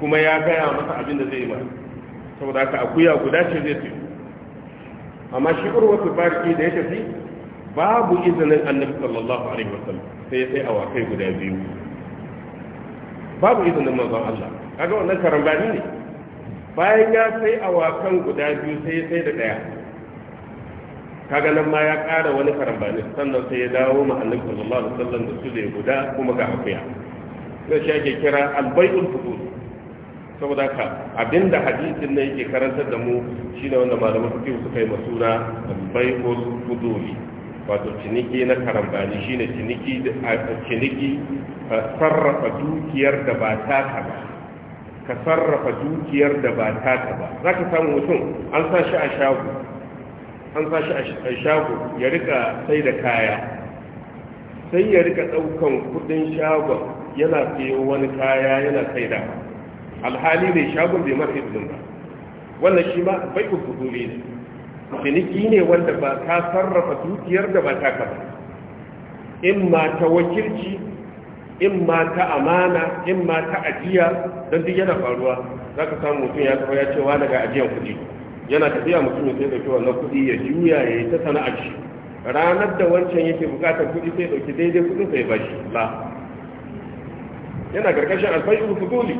kuma ya gaya masa abin da zai yi ma saboda haka akuya guda ce zai sayo amma shi urwatu fariki da ya tafi babu izinin annabi sallallahu alaihi wasallam sai sai kai guda biyu babu izinin manzon Allah kaga wannan karambani ne bayan ya sai awakan guda biyu sai sai da daya kaga nan ma ya ƙara wani karambani sannan sai ya dawo ma annabi sallallahu alaihi wasallam da su da guda kuma ga hafiya sai shi ake kira albayul fudud saboda haka abinda hadisin ne yake karantar da mu shine wanda malaman su suka yi masuna ko fuduli wato ciniki na karambani shine ciniki da ciniki sarrafa dukiyar da ba ta ka ba ka sarrafa dukiyar da ba ka ba zaka samu mutum an sa shi a shago an sa shi a shago ya rika sai da kaya sai ya rika daukan kudin shagon yana sayo wani kaya yana sai da alhali mai shagun bai mara izinin ba wannan shi ma bai kufutuli ne ciniki ne wanda ba ta sarrafa dukiyar da ba ta kaba in ma ta wakilci in ma ta amana in ma ta ajiya don duk yana faruwa za ka samu mutum ya kawo ya ce wa daga ajiyar kuɗi yana tafiya mutum ya sai dauki wannan kuɗi ya juya ya yi ta sana'ar shi ranar da wancan yake bukatar kuɗi sai dauki daidai kudin sai bashi. ba yana karkashin alfai'ul fuduli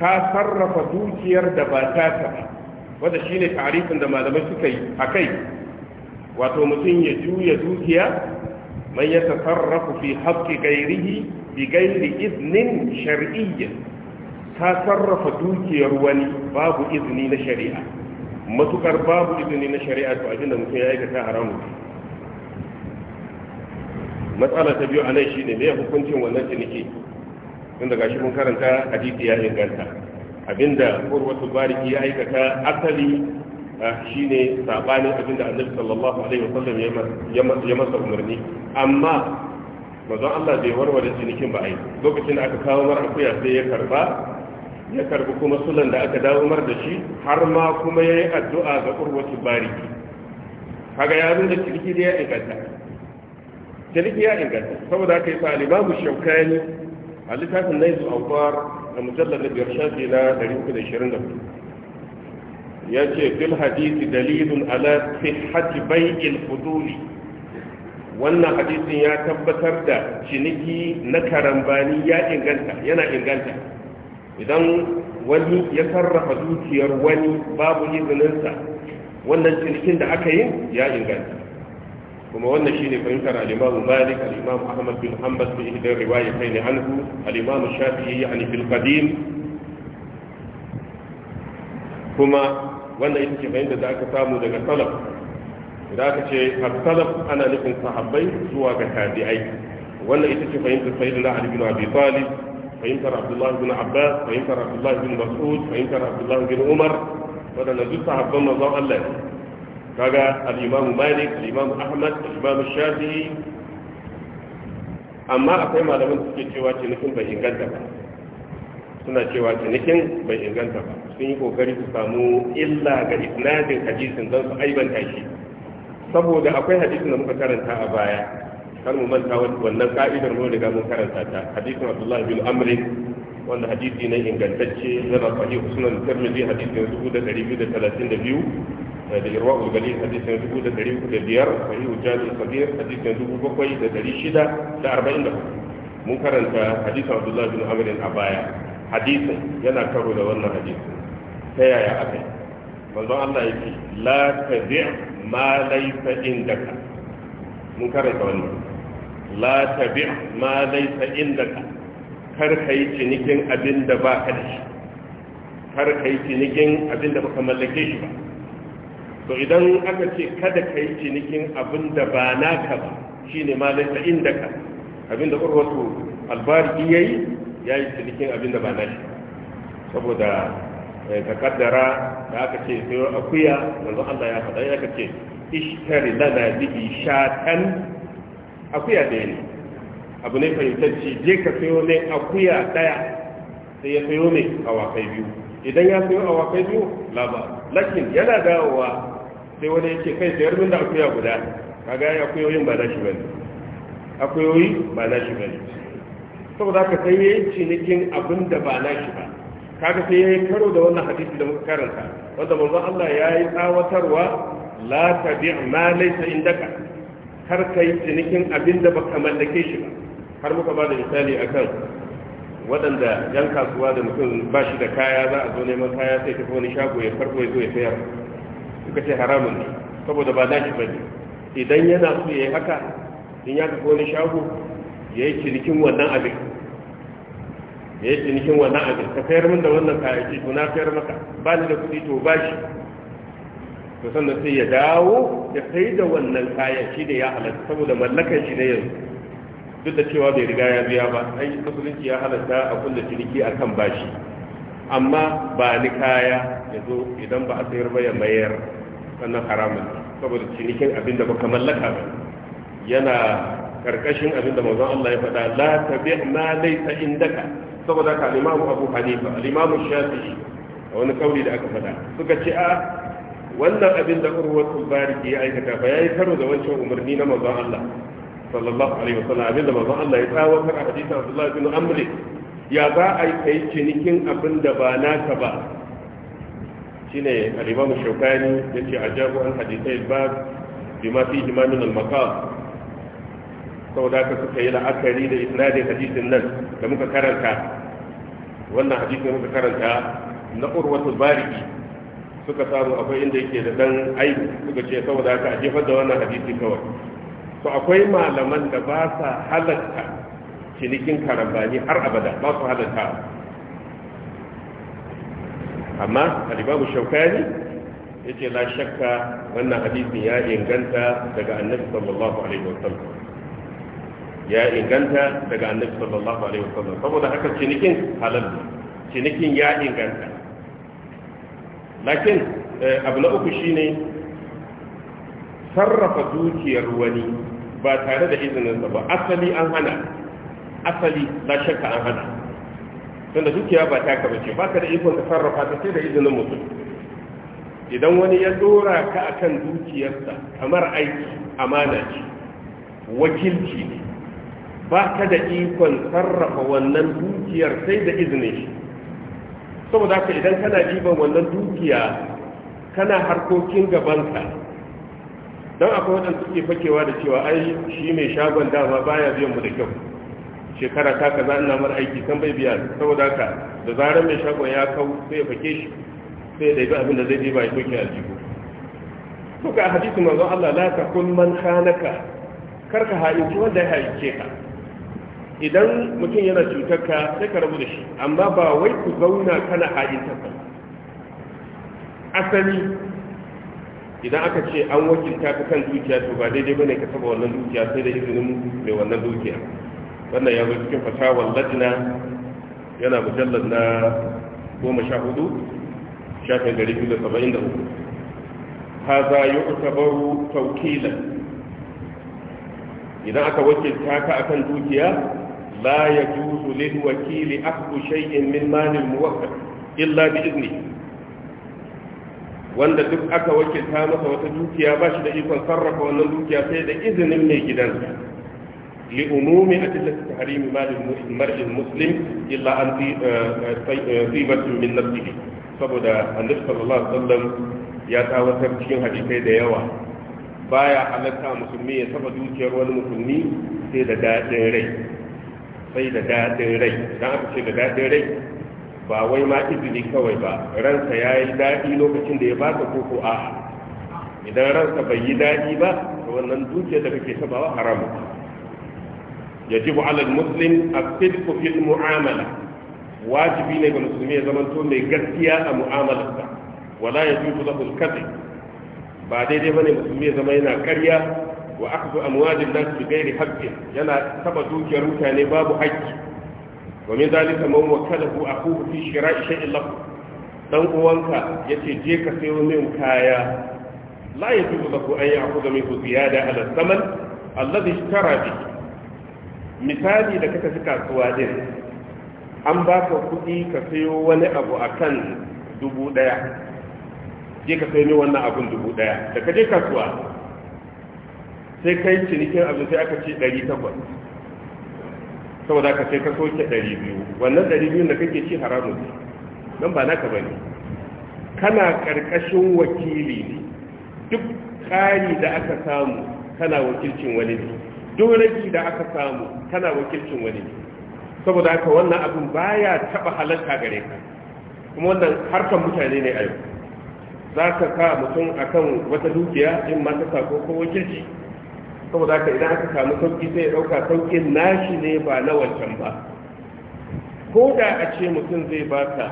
ka sarrafa dukiyar da ba ta ta shi shine tarifin da malamai suka yi a kai, wato mutum ya juya dukiya mai ya tasarrafu fi haqqi ghairihi bi ghairi iznin ka sarrafa dukiyar wani babu izini na shari'a matukar babu izini na shari'a to abinda mutum ya aikata haramu matsala ta biyu a nan shine me hukuncin wannan ciniki tun daga shi mun karanta hadisi ya inganta abinda urwatul bariki ya aikata asali ah, shine sabanin abinda annabi sallallahu alaihi wasallam ya masa umarni amma manzon Allah bai warware cinikin ba ai lokacin da aka kawo mar akuya sai ya karba ya karbi kuma sulan da aka dawo mar da shi har ma kuma yayi addu'a ga urwatul bariki kaga ya abinda ciniki da ya inganta ciniki ya inganta saboda haka yasa al shaukani a littafin naizu anfar da mujallar da biyar shafi na 324 ya ce fil hadisi dalilun ala sihhati bai'il fuduli wannan hadisin ya tabbatar da ciniki na karambani ya inganta yana inganta idan wani ya sarrafa dukiyar wani babu izininsa wannan cinikin da aka yi ya inganta kuma wannan shine fahimtar al-Imam Malik al-Imam Ahmad bin Hanbal fi ihda riwayatayn anhu al-Imam Shafi'i yani fil qadim kuma wannan ita ce fahimtar da aka samu daga salaf da aka ce salaf ana nufin sahabbai zuwa ga tabi'ai wannan ita ce fahimtar sayyidina Ali bin Abi Talib fahimtar Abdullah bin Abbas fahimtar Abdullah bin Mas'ud fahimtar Abdullah bin Umar wadanda duk sahabban manzon Allah kaga al malik al-imamu ahmad al-imamu shafi'i amma akwai malaman suke cewa cinikin bai inganta ba suna cewa cinikin bai inganta ba sun yi kokari su samu illa ga isnadin hadisin don su aibanta shi saboda akwai hadisin da muka karanta a baya kar mu manta wannan ka'idar mu riga mun karanta ta hadisin abdullahi bin amr wanda hadisi ne ingantacce yana sahih sunan tirmidhi hadisin 2232 da irwa ulgali hadisi dubu da dari uku da biyar sahihu jami'in sabir hadisi dubu bakwai da dari shida da arba'in da mun karanta hadisin abdullahi bin amirin a baya hadisin yana karo da wannan hadisin ta yaya aka yi manzon Allah ya ce la tabi ma inda ka. mun karanta wannan la tabi ma inda ka. kar ka yi cinikin abin da ba ka da shi kar ka yi cinikin abin da ba ka mallake shi ba to idan aka ce kada ka yi cinikin abin da ba naka ba shi ne ma inda ka, abin da urwatu albari ya yi cinikin abin da ba na shi saboda eh, ka kaddara da aka ce sayo akuya yanzu Allah ya faɗa ya ce ishtari lana bihi shatan akuya da ne abu ne fahimtacci je ka sayo ne akuya daya sai ya sayo ne awakai biyu idan ya sayo awakai biyu laba lakin yana dawowa sai wani yake kai sayar min da akuya guda kaga ya akuyoyin ba nashi bane akuyoyi ba nashi bane saboda haka sai yayin cinikin abin da ba nashi ba kaga sai yayin karo da wannan hadisi da muka karanta wanda manzon Allah ya yi tsawatarwa la tabi ma laysa indaka kar kai cinikin abin da baka mallake shi ba har muka ba da misali akan waɗanda yan kasuwa da mutum ba shi da kaya za a zo neman kaya sai tafi wani shago ya farko ya zo ya sayar suka ce haramun ne saboda ba na shi ba ne idan yana so ya yi haka in ya tafi wani shago ya yi cinikin wannan abin ya yi cinikin wannan abin ka sayar min da wannan kayayyaki to na sayar maka ba ni da kuɗi to ba shi to sannan sai ya dawo ya sai da wannan kayan shi da ya halatta saboda mallakar shi ne yanzu duk da cewa bai riga ya biya ba ai musulunci ya halatta a kulle ciniki akan bashi amma ba ni kaya ya zo idan ba a sayar ba ya mayar wannan haramun saboda cinikin abin da kamar mallaka ba yana karkashin abin da manzon Allah ya faɗa la tabi' ma laysa indaka saboda ka limamu Abu Hanifa limamu Shafi'i wani kauli da aka faɗa suka ce a wannan abin da urwatul bariki ya aikata ba yayi karo da wancan umarni na manzon Allah sallallahu alaihi wasallam abin da manzon Allah ya tsawatar a hadisin Abdullah bin Amr ya za a yi kai cinikin abin da ba naka ba Shi ne imam shaukani yace ajabu an hadithai bab bima fi himamin al sau da aka suka yi la'akari da isnadin hadisin nan da muka karanta wannan hadisin muka karanta na urwatu bariki suka samu akwai inda yake da dan aiki suka ce sau da a jefar da wannan hadisi kawai to akwai malaman da ba sa halatta cinikin karambani har abada ba su halatta amma alibabu shaukani ya ce la shakka wannan hadisin ya inganta daga annabi sallallahu alaihi wasallam ya inganta daga annabi sallallahu alaihi wasallam saboda haka cinikin halal cinikin ya inganta lakin eh, abu na uku shine sarrafa dukiyar wani ba tare da izininsa ba asali an hana asali na shakka an hana tunda dukiya ba ta ka bace baka da ikon ka sarrafa ta sai da izinin mutum idan wani ya dora ka akan dukiyarsa kamar aiki amana ce wakilci ne ba ka da ikon sarrafa wannan dukiyar sai da izinin shi saboda haka idan kana diban wannan dukiya kana harkokin gabanka don akwai waɗanda suke fakewa da cewa ai shi mai shagon dama baya biyan mu da kyau shekara ta kaza ina mar aiki kan bai biya saboda haka da zarar mai shagon ya kau sai ya fake shi sai ya ɗaibi abin da zai ba ya soke aljihu duka a hadisi manzo Allah la ta kun man khanaka ka haici wanda ya haice ka idan mutum yana cutar ka sai ka rabu da shi amma ba wai ku zauna kana ta ba asali idan aka ce an wakilta ka kan dukiya to ba daidai bane ka saba wannan dukiya sai da izinin mai wannan dukiya wannan ya zo cikin fatawar lajina yana mujallar na goma sha hudu shafin gari biyu da saba'in da hudu haza yi utabaru taukila idan aka wakilta ka kan dukiya la ya juzu lil wakili akhu shay'in min malil muwakkal illa bi izni wanda duk aka wakilta masa wata dukiya ba shi da ikon sarrafa wannan dukiya sai da izinin mai gidansa لعموم أدلة تحريم مال المرء المسلم إلا أن طيبة من نفسه saboda أن sallallahu الله wasallam ya tawatar cikin hadisai da yawa baya halatta musulmi ya saba dukiyar wani musulmi sai da dadin rai sai da dadin rai dan aka ce ba wai ma izini kawai ba ransa ya yi daɗi lokacin da ya baka ko ko a idan ransa bai yi daɗi ba wannan dukiyar da kake sabawa haramun yajibu alal muslim as-sidqu fil mu'amala wajibi ne ga musulmi mai gaskiya a mu'amalarsa wala yajuzu lahu al-kadhib ba daidai bane musulmi ya zama yana karya wa akhdhu amwalin nas bi ghairi yana taba dukiyar mutane babu haƙƙi wa min zalika fi dan uwanka yace je ka sayo min kaya la yajuzu lahu an ya'khudha minhu ziyada ala thaman alladhi ishtara bihi misali da ka tafi kasuwa din an ba ka kuɗi ka sayo wani abu akan dubu ɗaya je ka sayo wannan abun dubu ɗaya da ka je kasuwa sai kai cinikin abu sai aka ce ɗari takwas saboda ka sai ka soke ɗari biyu wannan ɗari biyun da kake ci haramun ne don ba naka ba ne kana ƙarƙashin wakili ne duk ƙari da aka samu kana wakilcin wani ne duk ragi da aka samu kana wakilcin wani saboda haka wannan abin baya taba halarta gare ka kuma wannan harkan mutane ne a yau za ka sa mutum akan wata dukiya in ma ta sako ko wakilci saboda haka idan aka samu sauki zai ya dauka saukin nashi ne ba na wancan ba ko da a ce mutum zai ba baka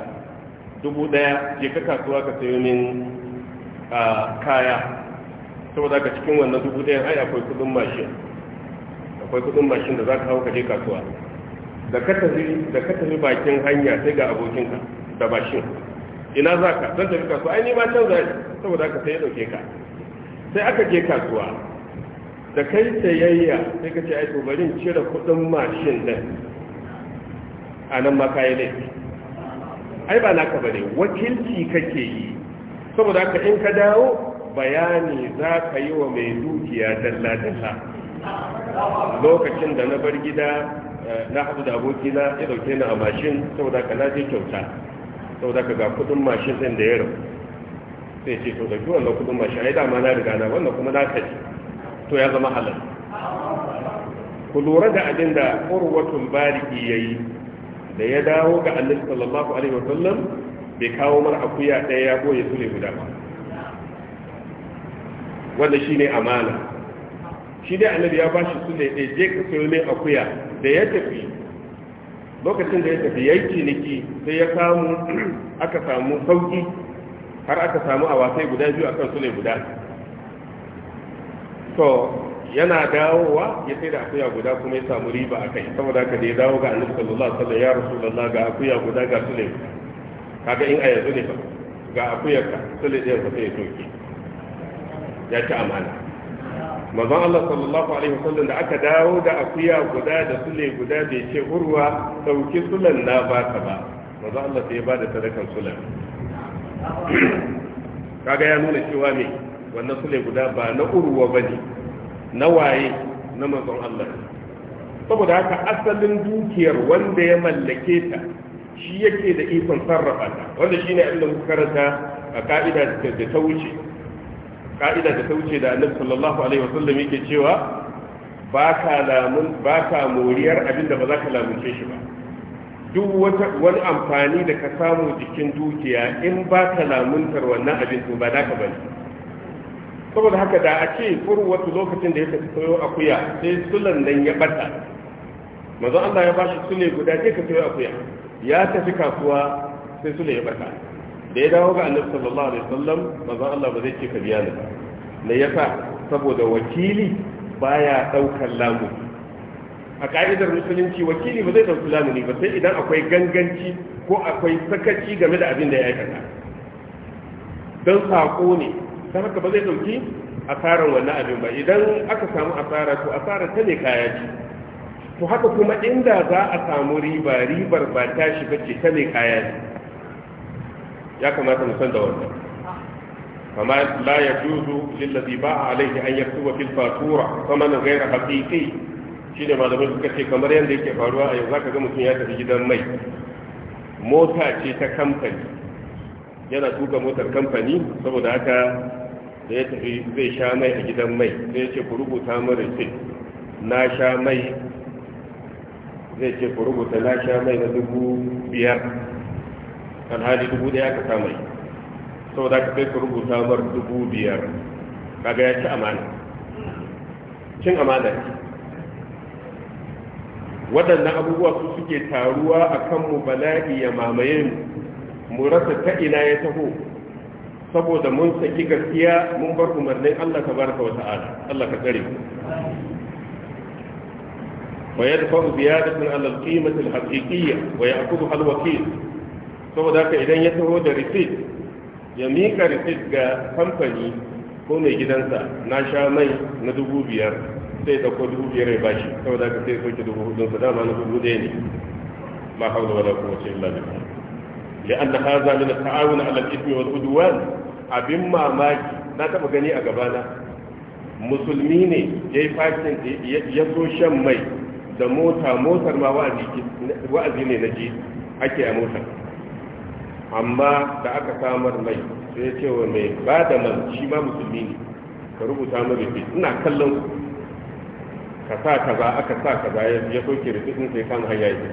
dubu daya je ka kasuwa ka sayo min ah, kaya saboda haka cikin wannan dubu dayan ai akwai kudin mashin akwai kudin mashin da za ka hau ka je kasuwa da ka tafi bakin hanya sai ga abokinka da mashin ina za ka zan tafi kasuwa ai ni ma can za saboda ka sai ya dauke ka sai aka je kasuwa da kai sayayya sai ka ce ai to bari in cire kudin mashin din a nan ma kayi ne ai ba naka bane wakilci kake yi saboda haka in ka dawo bayani za ka yi wa mai dukiya dalla-dalla lokacin da na bar gida eh, na haɗu da abokina ya dauke ni a mashin saboda ka na je kyauta saboda ka ga kudin mashin ɗin da ya rabu sai ce to ɗauki wannan kudin mashin ai dama na riga na wannan kuma na kaji to ya zama halal ku lura da abin da urwatul bariki yayi da ya dawo ga annabi sallallahu alaihi wasallam bai kawo mar akuya ɗaya ya goye sule guda ba wanda shine amana shi dai annabi ya bashi su ne ɗaya je ka sayo ne akuya da ya tafi lokacin da ya tafi ya yi ciniki sai ya samu aka samu sauki har aka samu wasai guda biyu akan su ne guda to yana dawowa ya sai da akuya guda kuma ya samu riba a kai saboda haka da ya dawo ga annabi sallallahu alaihi wasallam ya rasulullah ga akuya guda ga su ne kaga in a yanzu ne ga akuyarka su ne ɗaya sai ya toke. ya ci amana manzon Allah sallallahu alaihi wasallam da aka dawo da akuya guda da sule guda bai ce urwa dauki sulan na ba ka ba manzon Allah sai ya ba da sadakan sulan kaga ya nuna cewa me wannan sule guda ba na urwa ne na waye na manzon Allah saboda haka asalin dukiyar wanda ya mallake ta shi yake da ikon sarrafa ta wanda shine abin da muka karanta a ka'ida da ta wuce ka'ida da ta wuce da annabi sallallahu alaihi wasallam yake cewa ba ka lamun ba ka moriyar abin da ba za ka lamunce shi ba duk wata wani amfani da ka samu jikin dukiya in ba ka lamuntar wannan abin to ba naka bane saboda haka da a ce furwatu lokacin da ya tafi sayo akuya sai sulan nan ya bata manzo Allah ya bashi sule guda sai ka sayo akuya ya tafi kasuwa sai sule ya bata da ya dawo ga annabi sallallahu alaihi wasallam manzon Allah ba zai ce ka biya ni ba me yasa saboda wakili baya daukar lamu a ka'idar musulunci wakili ba zai dauki lamuni ba sai idan akwai ganganci ko akwai sakaci game da abin da ya aikata don sako ne ta haka ba zai dauki asarar wannan abin ba idan aka samu asara to asara ta ne kaya ce to haka kuma inda za a samu riba ribar ba ta shi bace ta ne kaya ne ya kamata mu san da wannan kama la yajuzu lil ladhi ba'a alayhi an yaktuba fil fatura thamanan ghayra haqiqi shine malamai suka ce kamar yadda yake faruwa a yanzu zaka ga mutum ya tafi gidan mai mota ce ta kamfani yana tuka motar kamfani saboda haka da ya tafi zai sha mai a gidan mai sai ya ce ku rubuta min receipt na sha mai zai ce ku rubuta na sha mai na dubu biyar hali dubu ɗaya ka samu yi saboda ka kai ka rubuta mar dubu biyar kaga ya ci amana cin amana ce waɗannan abubuwa su suke taruwa a kanmu bala'i ya mamaye mu mu rasa ta ina ya taho saboda mun saki gaskiya mun bar umarnin Allah ka baraka wa ta'ala Allah ka tsare mu wa yadfa'u biyadatun ala al-qimati al-haqiqiyya wa ya'khudhu al-wakil saboda haka idan ya taho da receipt ya mika receipt ga kamfani ko mai gidansa na sha mai na dubu biyar sai da ko dubu biyar ya bashi saboda haka sai soke dubu hudun su dama na dubu ɗaya ne ma haula wala lalata ya an da ha min na taawun alal ismi ithmi wal 'udwan abin mamaki na taɓa gani a gabana musulmi ne ya yi fashin ya so shan mai da mota motar ma wa'azi ne na ji ake a motar amma da aka samar mai sai ce wa mai ba da man shi ma musulmi ne ka rubuta mai rufe ina kallon ka sa ka za aka sa ka za ya soke rufe sun sai kan hanya ya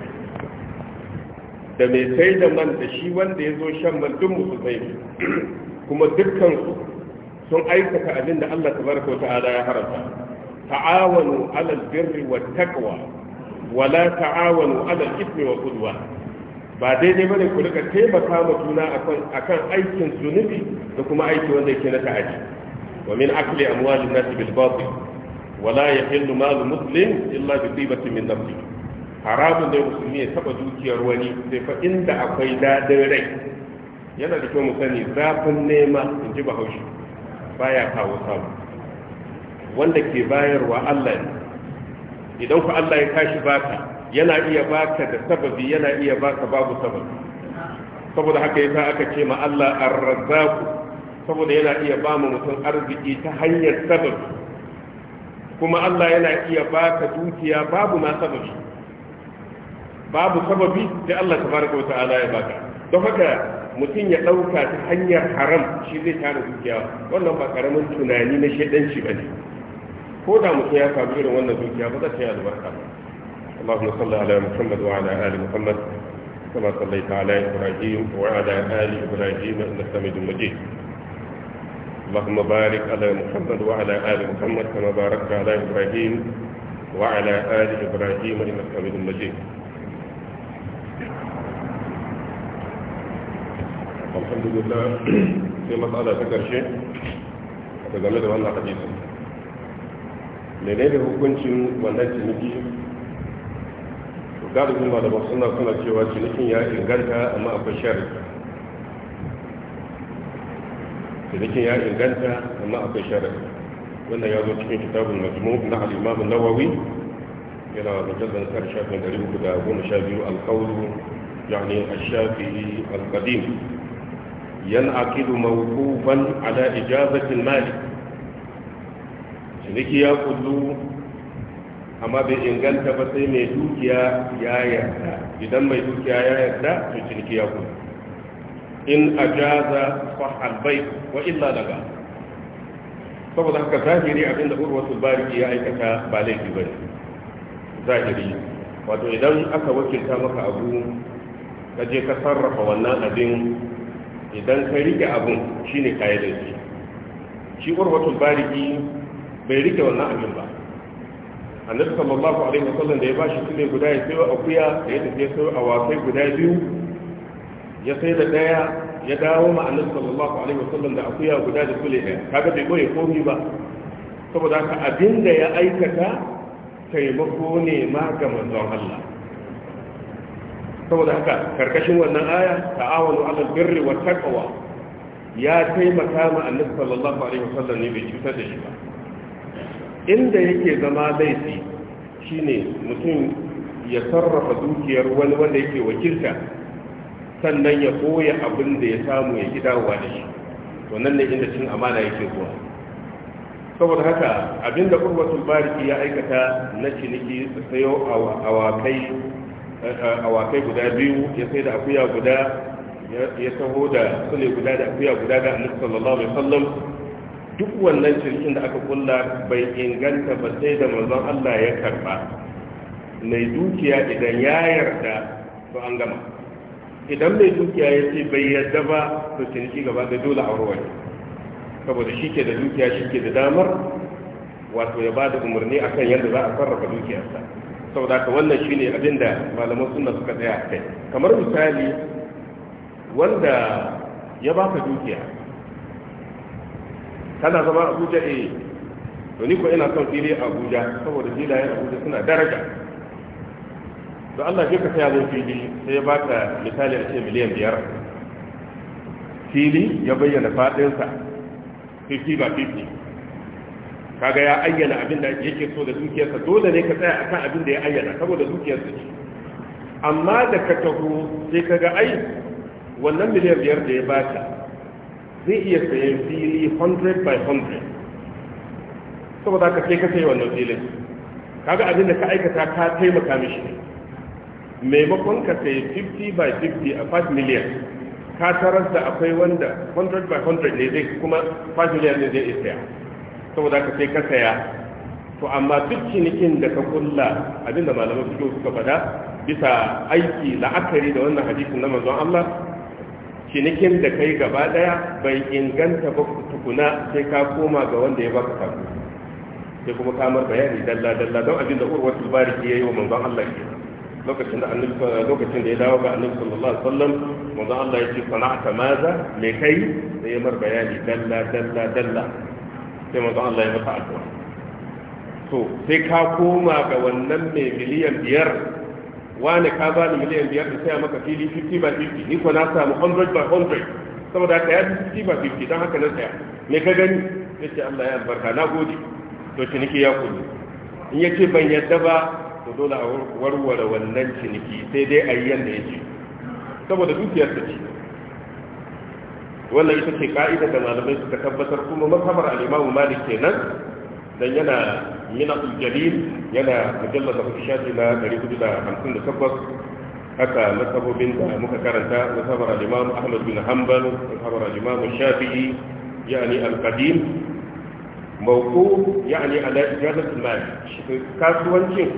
da mai sai da man da shi wanda ya zo shan man duk musulmai ne kuma dukkansu sun aikata abin da Allah tabaraka ala ya haramta ta'awanu alal birri wa taqwa wala ta'awanu alal ismi wa qudwa ba daidai bane ku rika taimaka ma juna akan aikin zunubi da kuma aiki wanda yake na ta'adi wa min akli amwalin nas bil batil wala yahillu mal muslim illa bi tibatin min nafsi haramun da musulmi ya taba dukiyar wani sai fa inda akwai dadin rai yana da kyau mu sani zafin nema in ji bahaushe baya kawo samu wanda ke bayarwa Allah ne idan ku Allah ya tashi baka yana iya baka da sababi yana iya baka babu sababi saboda haka yasa aka ce ma Allah ar-razzaq saboda yana iya ba mu mutum arziki ta hanyar sababi kuma Allah yana iya baka dukiya babu ma sababi babu sababi sai Allah tabaraka wa ta'ala ya baka don haka mutum ya dauka ta hanyar haram shi zai tara dukiya wannan ba karamin tunani na shedanci bane ko da mutum ya samu irin wannan dukiya ba za ta yi albarka ba اللهم صل على محمد وعلى آل محمد كما صليت على إبراهيم وعلى آل إبراهيم إنك حميد مجيد اللهم بارك على محمد وعلى آل محمد كما باركت على إبراهيم وعلى آل إبراهيم إنك حميد مجيد الحمد لله في مسألة ذكر شيء أتجمد أنا حديثا لنيل كنت وانا تنكي galibin malaman suna suna cewa cinikin ya inganta amma akwai cinikin ya inganta amma akwai wannan ya zo cikin kitabun majmu na al'imamun nawawi yana mujallar karshen alkadim ciniki ya kullu amma bai inganta ba sai mai dukiya ya yarda idan mai dukiya ya yarda to ciniki ya kuma in ajaza fa albai wa illa daga saboda haka zahiri abinda urwatul bariki ya aikata ba laifi ba ne zahiri wato idan aka wakilta maka abu ka je ka sarrafa wannan abin idan ka rike abin shine kayan shi shi urwatul bariki bai rike wannan abin ba annabi sallallahu alaihi wasallam da ya bashi kule guda ya sayo akuya da ya tafi sayo awakai guda biyu ya sai da daya ya dawo ma annabi sallallahu alaihi wasallam da akuya guda da kule daya kaga bai boye komai ba saboda haka abin da ya aikata taimako ne ma ga manzon Allah saboda haka karkashin wannan aya ta'awanu 'alal birri wat taqwa ya taimaka ma annabi sallallahu alaihi wasallam ne bai cutar da shi ba inda yake zama laifi shine mutum ya sarrafa dukiyar wani wanda yake wakilta sannan ya koya abin da ya samu ya gidawa da shi wannan ne inda cin amana yake zuwa saboda haka abinda urwatul bariki ya aikata na ciniki sayo awakai eh, awakai guda biyu ya sai da akuya guda ya taho da sule guda da akuya guda da annabi sallallahu alaihi wasallam duk wannan shirkin da aka kulla bai inganta ba sai da manzon Allah ya karba mai dukiya idan ya yarda to an gama idan mai dukiya ya ce bai yarda ba to shi gaba da dole a ruwa saboda shi ke da dukiya shi ke da damar wato ya bada da umarni akan yadda za a sarrafa dukiyarsa saboda ka wannan shine abinda malaman sunna suka tsaya a kai kamar misali wanda ya baka dukiya kana zama abuja eh to ni ko ina son fili a abuja saboda filayen abuja suna daraja to Allah ke ka saya mun fili sai ya baka misali a ce miliyan biyar fili ya bayyana fadinsa 50 ba 50 kaga ya ayyana abin da yake so da dukiyarsa dole ne ka tsaya akan abin da ya ayyana saboda dukiyarsa ce amma da ka taho sai kaga ai wannan miliyan biyar da ya baka zai iya sayan fili 100 by 100 saboda ka sai ka sayi wannan filin kaga abin da ka aikata ka taimaka mishi ne maimakon ka sayi 50 by 50 a 5 million ka tarar da akwai wanda 100 by 100 ne zai kuma 5 million ne zai isa saboda ka sai ka saya to amma duk cinikin da ka kulla abin da malaman fito suka fada bisa aiki la'akari da wannan hadisin na manzon Allah cinikin da kai gaba daya bai inganta ba tukuna sai ka koma ga wanda ya baka kafin sai kuma kamar bayani dalla dalla don abin da urwa tulbari ke yi wa manzon Allah ke lokacin da annabi lokacin da ya dawo ga annabi sallallahu alaihi wasallam manzon Allah ya ce sana'ata maza me kai sai ya mar bayani dalla dalla dalla sai manzon Allah ya masa addu'a to sai ka koma ga wannan mai miliyan biyar wane ka ba ni miliyan biyar da saya maka fili 50 by 50 ni ko na samu 100 by 100 saboda ka yi 50 by 50 don haka na saya me ka gani ya ce Allah ya albarka na gode to ciniki ya kudu in ya ce ban yadda ba to dole a warware wannan ciniki sai dai a yi yadda ya ce saboda dukiyar ta ce wannan ita ce ka'ida da malamai suka tabbatar kuma mazhabar al-imamu malik kenan dan yana minatul jalil yana mujallad da kuɗi shafi na ɗari hudu da hamsin da haka masabobin da muka karanta masabar al ahmad bin hanbal al shafi'i ya al-qadim mawqu yani kasuwancin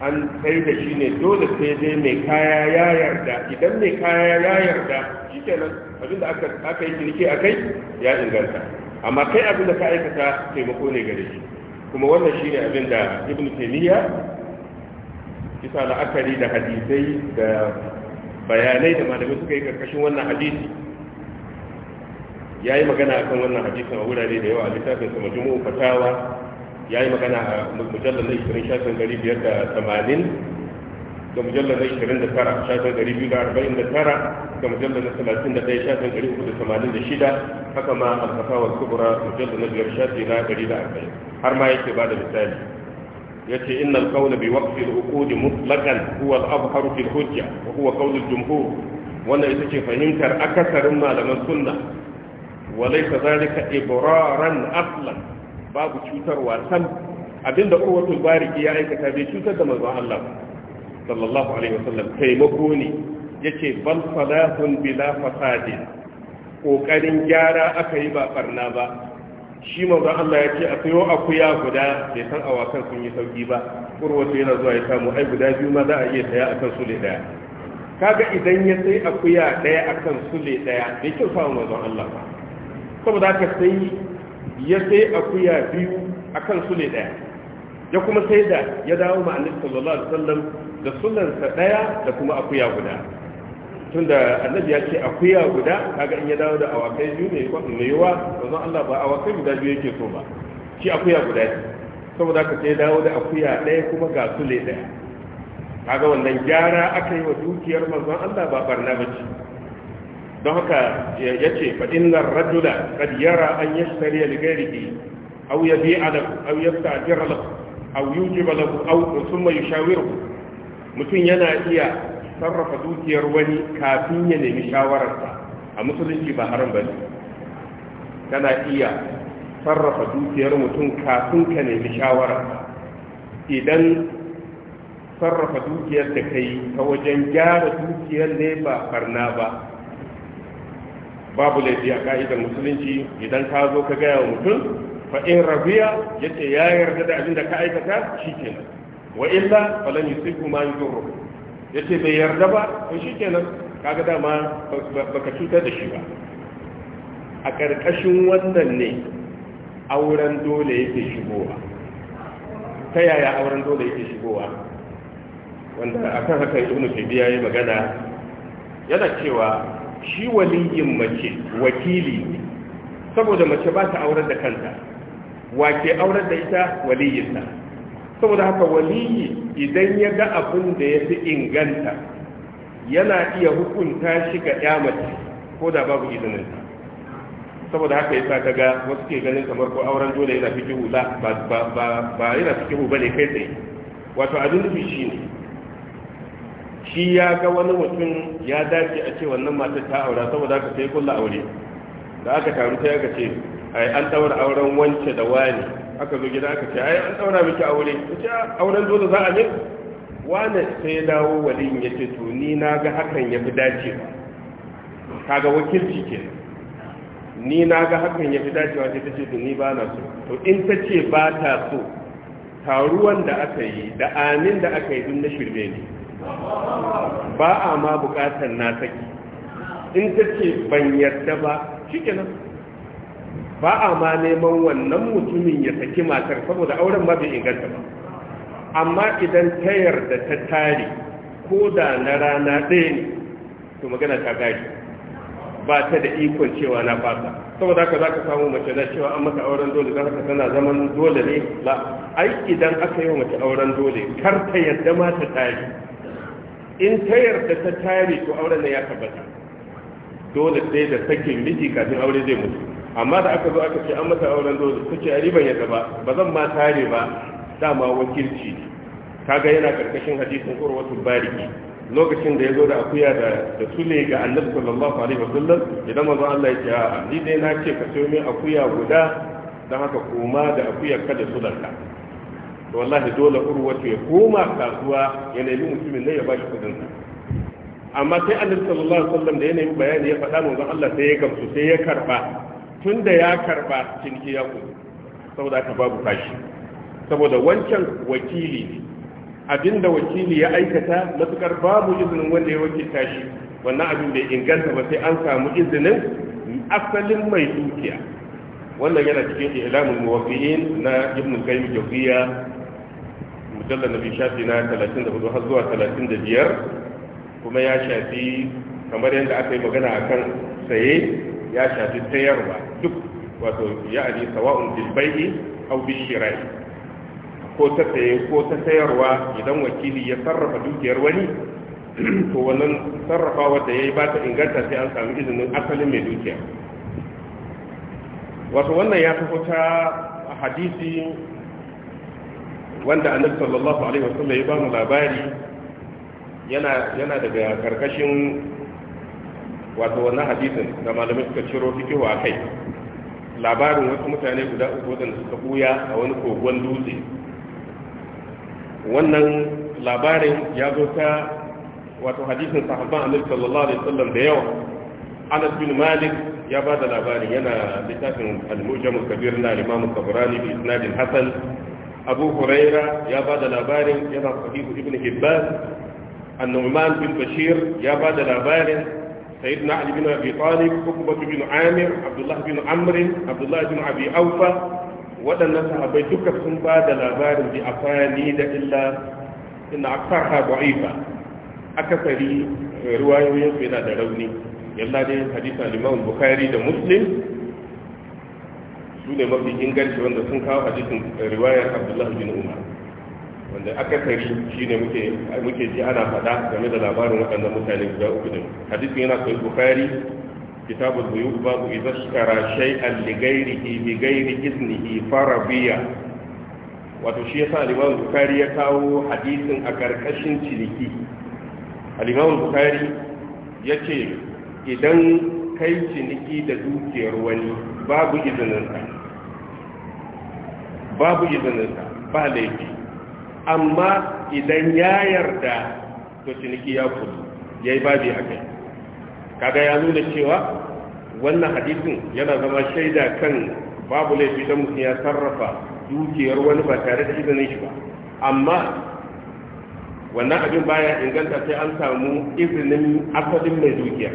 an sai da shi ne dole sai dai mai kaya ya yarda idan mai kaya ya yarda shi abinda aka yi ciniki a kai ya inganta amma kai abin da ka aikata taimako ne gare shi kuma wannan shine abin da ibn taymiya kisa la'akari da hadisai da bayanai da malamai suka yi karkashin wannan hadisi ya yi magana akan wannan hadisi a wurare da yawa a littafin sa majmu'u fatawa ya yi magana a mujallar na 20 shafin tamanin. da mujallar na 29 shafin 249 da mujallar na 31 shafin 386 haka ma alfatawar kubura mujallar na biyar shafi na 140 har ma yake ba da misali ya ce inna alkauna bi waqfi al-uqud mutlaqan huwa al-abhar fi al-hujja wa huwa qawl al-jumhur wannan ita ce fahimtar akasarin malaman sunna wa laysa zalika ibraran aslan babu cutarwa sam abinda urwatul bariki ya aikata bai cutar da manzon Allah ba sallallahu alaihi wasallam taimako ne ya ce ban salahun bila fasadin ƙoƙarin gyara aka yi ba barna ba shi manzon Allah ya ce a sayo akuya guda bai san awakan sun yi sauki ba kurwatu yana zuwa ya samu ai guda biyu ma za a iya saya akan sule daya kaga idan ya sai akuya daya akan sule daya bai kyau sa manzon Allah ba saboda haka sai ya sai akuya biyu akan sule daya ya kuma sai da ya dawo ma annabi sallallahu alaihi wasallam da sunansa ɗaya da kuma akuya guda tunda annabi ya ce akuya guda kaga in ya dawo da awakai biyu ne mai yiwa zan Allah ba awakai guda biyu yake so ba shi akuya guda ce saboda ka sai dawo da akuya ɗaya kuma ga sule ɗaya kaga wannan gyara aka yi wa dukiyar manzon Allah ba barna ba ce don haka ya ce fa innar rajula qad yara an yashtari li ghairihi aw yabi'a lahu aw au yi aw yujiba au sun mai shawiru mutum yana iya sarrafa dukiyar wani kafin ya nemi shawararsa a musulunci ba haram ba ne kana iya sarrafa dukiyar mutum kafin ka nemi shawararsa idan sarrafa dukiyar da kai ta wajen gyara dukiyar ne ba barna ba babu laifi a ka'idar musulunci idan ka zo ka gaya wa mutum fa in rabiya ya ce ya yarda da abin da ka aikata shi kenan wa illa falan yusibu ma yuzuru yace bai yarda ba to shikenan kaga dama baka cutar da shi ba a karkashin wannan ne auren dole yake shigowa ta yaya auren dole yake shigowa wanda akan haka ibnu taymiya yayi magana yana cewa shi waliyin mace wakili ne saboda mace ba ta auren da kanta wake auren da ita ta saboda haka waliyi idan ya ga abin da ya fi inganta yana iya hukunta shi ga yamace ko da babu izinin. saboda haka yasa ta ga wasu ke ganin kamar ko auren dole yana fi kihu ba ba yana fi jihu bane kai tsaye wato abin nufi shi ne shi ya ga wani mutum ya dace a ce wannan matar ta aura saboda haka sai kulla aure da aka taru sai aka ce ai an daura auren wance da wani aka zo gida aka ce ai an daura miki aure ce auren dole za a yi? wani sai ya dawo waliyin ya ce to ni na ga hakan ya fi dacewa kaga wakilci ke ni na ga hakan ya fi dacewa sai ta ce to ni ba na so to in ta ce ba ta so taruwan da aka yi da amin da aka yi dun na shirme ne ba a ma bukatar na saki in ta ce ban yarda ba shi kenan ba a ma neman wannan mutumin ya saki matar saboda auren ma bai inganta ba amma idan ta yarda ta tare ko da na rana ɗaya ne to magana ta gari ba ta da ikon cewa na fasa saboda haka za ka samu mace na cewa an masa auren dole za ka tana zaman dole ne ba. ai idan aka yi wa mace auren dole kar ta yarda ma ta tare in ta yarda ta tare to auren ne ya tabbata dole sai da sakin miji kafin aure zai mutu amma da aka zo aka ce an masa auren dole ta ce a riban yadda ba ba zan ma tare ba dama wakilci kaga yana karkashin hadisin urwatul bariki lokacin da ya zo da akuya da sule ga annabi sallallahu alaihi sallam idan manzo Allah ya ce a ni dai na ce ka sayo min akuya guda dan haka koma da akuya kada sulanka to wallahi dole urwatu ya koma kasuwa ya nemi mutumin ne ya bashi kudin amma sai annabi sallallahu alaihi wa sallam da ya nemi bayani ya faɗa manzo Allah sai ya gamsu sai ya karba tun da ya karba cikin kiyaku saboda aka babu fashi saboda wancan wakili abinda wakili ya aikata matukar babu izinin wanda ya wakilta shi wannan abin bai inganta ba sai an samu izinin asalin mai dukiya wannan yana cikin ilamin muwafi'in na ibn qayyim jawziya mujallal nabi shafi na 34 har zuwa 35 kuma ya shafi kamar yadda aka yi magana akan saye ya shafi sayarwa duk wato ya'ani sawa'un bil bai'i aw bil shira'i ko ta saye ko ta sayarwa idan wakili ya sarrafa dukiyar wani to wannan sarrafa wanda yayi ba ta inganta sai an samu izinin asalin mai dukiya wato wannan ya tafi ta hadisi wanda annabi sallallahu alaihi wasallam ya ba mu labari yana yana daga karkashin wato wannan hadisin da malamai suka ciro fikihu a kai labarin wasu mutane guda uku da suka buya a wani kogon dutse wannan labarin ya zo ta wato hadisin sahabban annabi sallallahu alaihi sallam da yawa Anas bin Malik ya ba da labarin yana littafin al kabir na Imam Tabrani bi isnad al-Hasan Abu Huraira ya ba da labarin yana sahih Ibn Hibban An-Nu'man bin Bashir ya ba da labarin سيدنا علي بن أبي طالب عقبة بن عامر عبد الله بن عمرو عبد الله بن أبي أوفى waɗannan sahabbai duka sun ba da labarin bi a fani da illa ina aksaha da'ifa akasari ruwayoyin su yana da rauni yalla dai hadisa limamin bukhari da muslim sune ne mafi inganci wanda sun kawo hadisin riwayar abdullahi bin umar wanda akasari shine muke muke ji ana faɗa game da labarin waɗannan mutane guda uku ne. hadisin yana sahih bukhari kitabul buyut babu idza shkara shay'an li ghairihi bi ghairi iznihi farabiya wato shi yasa Alimawar imam Bukhari ya kawo hadisin a karkashin ciniki Alimawar imam Bukhari yace idan kai ciniki da dukiyar wani babu izininsa babu izininsa ba laifi amma idan ya yarda to ciniki ya kudu ya yi babi a kai kaga ya nuna cewa wannan hadisin yana zama shaida kan babu laifi don mutum ya sarrafa dukiyar wani ba tare da izinin shi ba amma wannan abin baya inganta sai an samu izinin asalin mai dukiya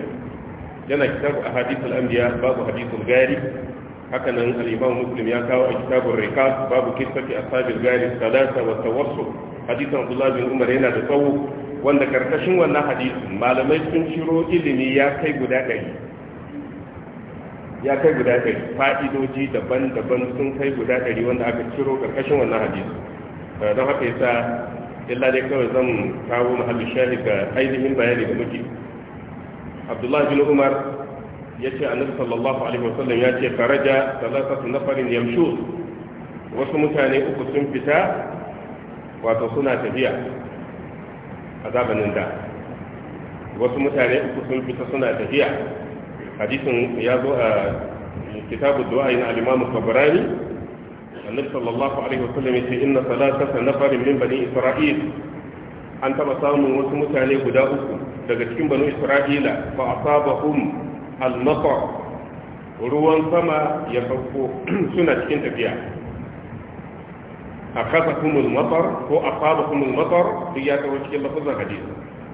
yana kitabu a hadisul anbiya babu hadisul gari haka nan al muslim ya kawo a kitabun rika babu kisfati ashabil gari salata wa tawassul hadisin abdullah bin umar yana da tsawo wanda karkashin wannan hadisin malamai sun shiro ilimi ya kai guda ɗari ya kai guda ɗari fa'idoji daban-daban sun kai guda ɗari wanda aka ciro karkashin wannan hadisin eh, don haka yasa illa dai kawai zan kawo mahallu shahid ga ainihin bayani da muke abdullah bin umar yace annabi sallallahu alaihi wasallam ya ce faraja salatatu nafarin yamshu wasu mutane uku sun fita wato suna tafiya a zamanin da wasu mutane uku sun fita suna tafiya hadisin ya zo a kitabu du'a na al-imam tabarani annabi sallallahu alaihi wasallam yace inna salatata nafarin min bani isra'il an taba samun wasu mutane guda uku daga cikin banu isra'ila fa asabahum al-nasar ruwan sama ya sauko suna cikin tafiya a kasa kumul matar ko a faba kumul matar duk ya tsoro cikin lafazin hadisi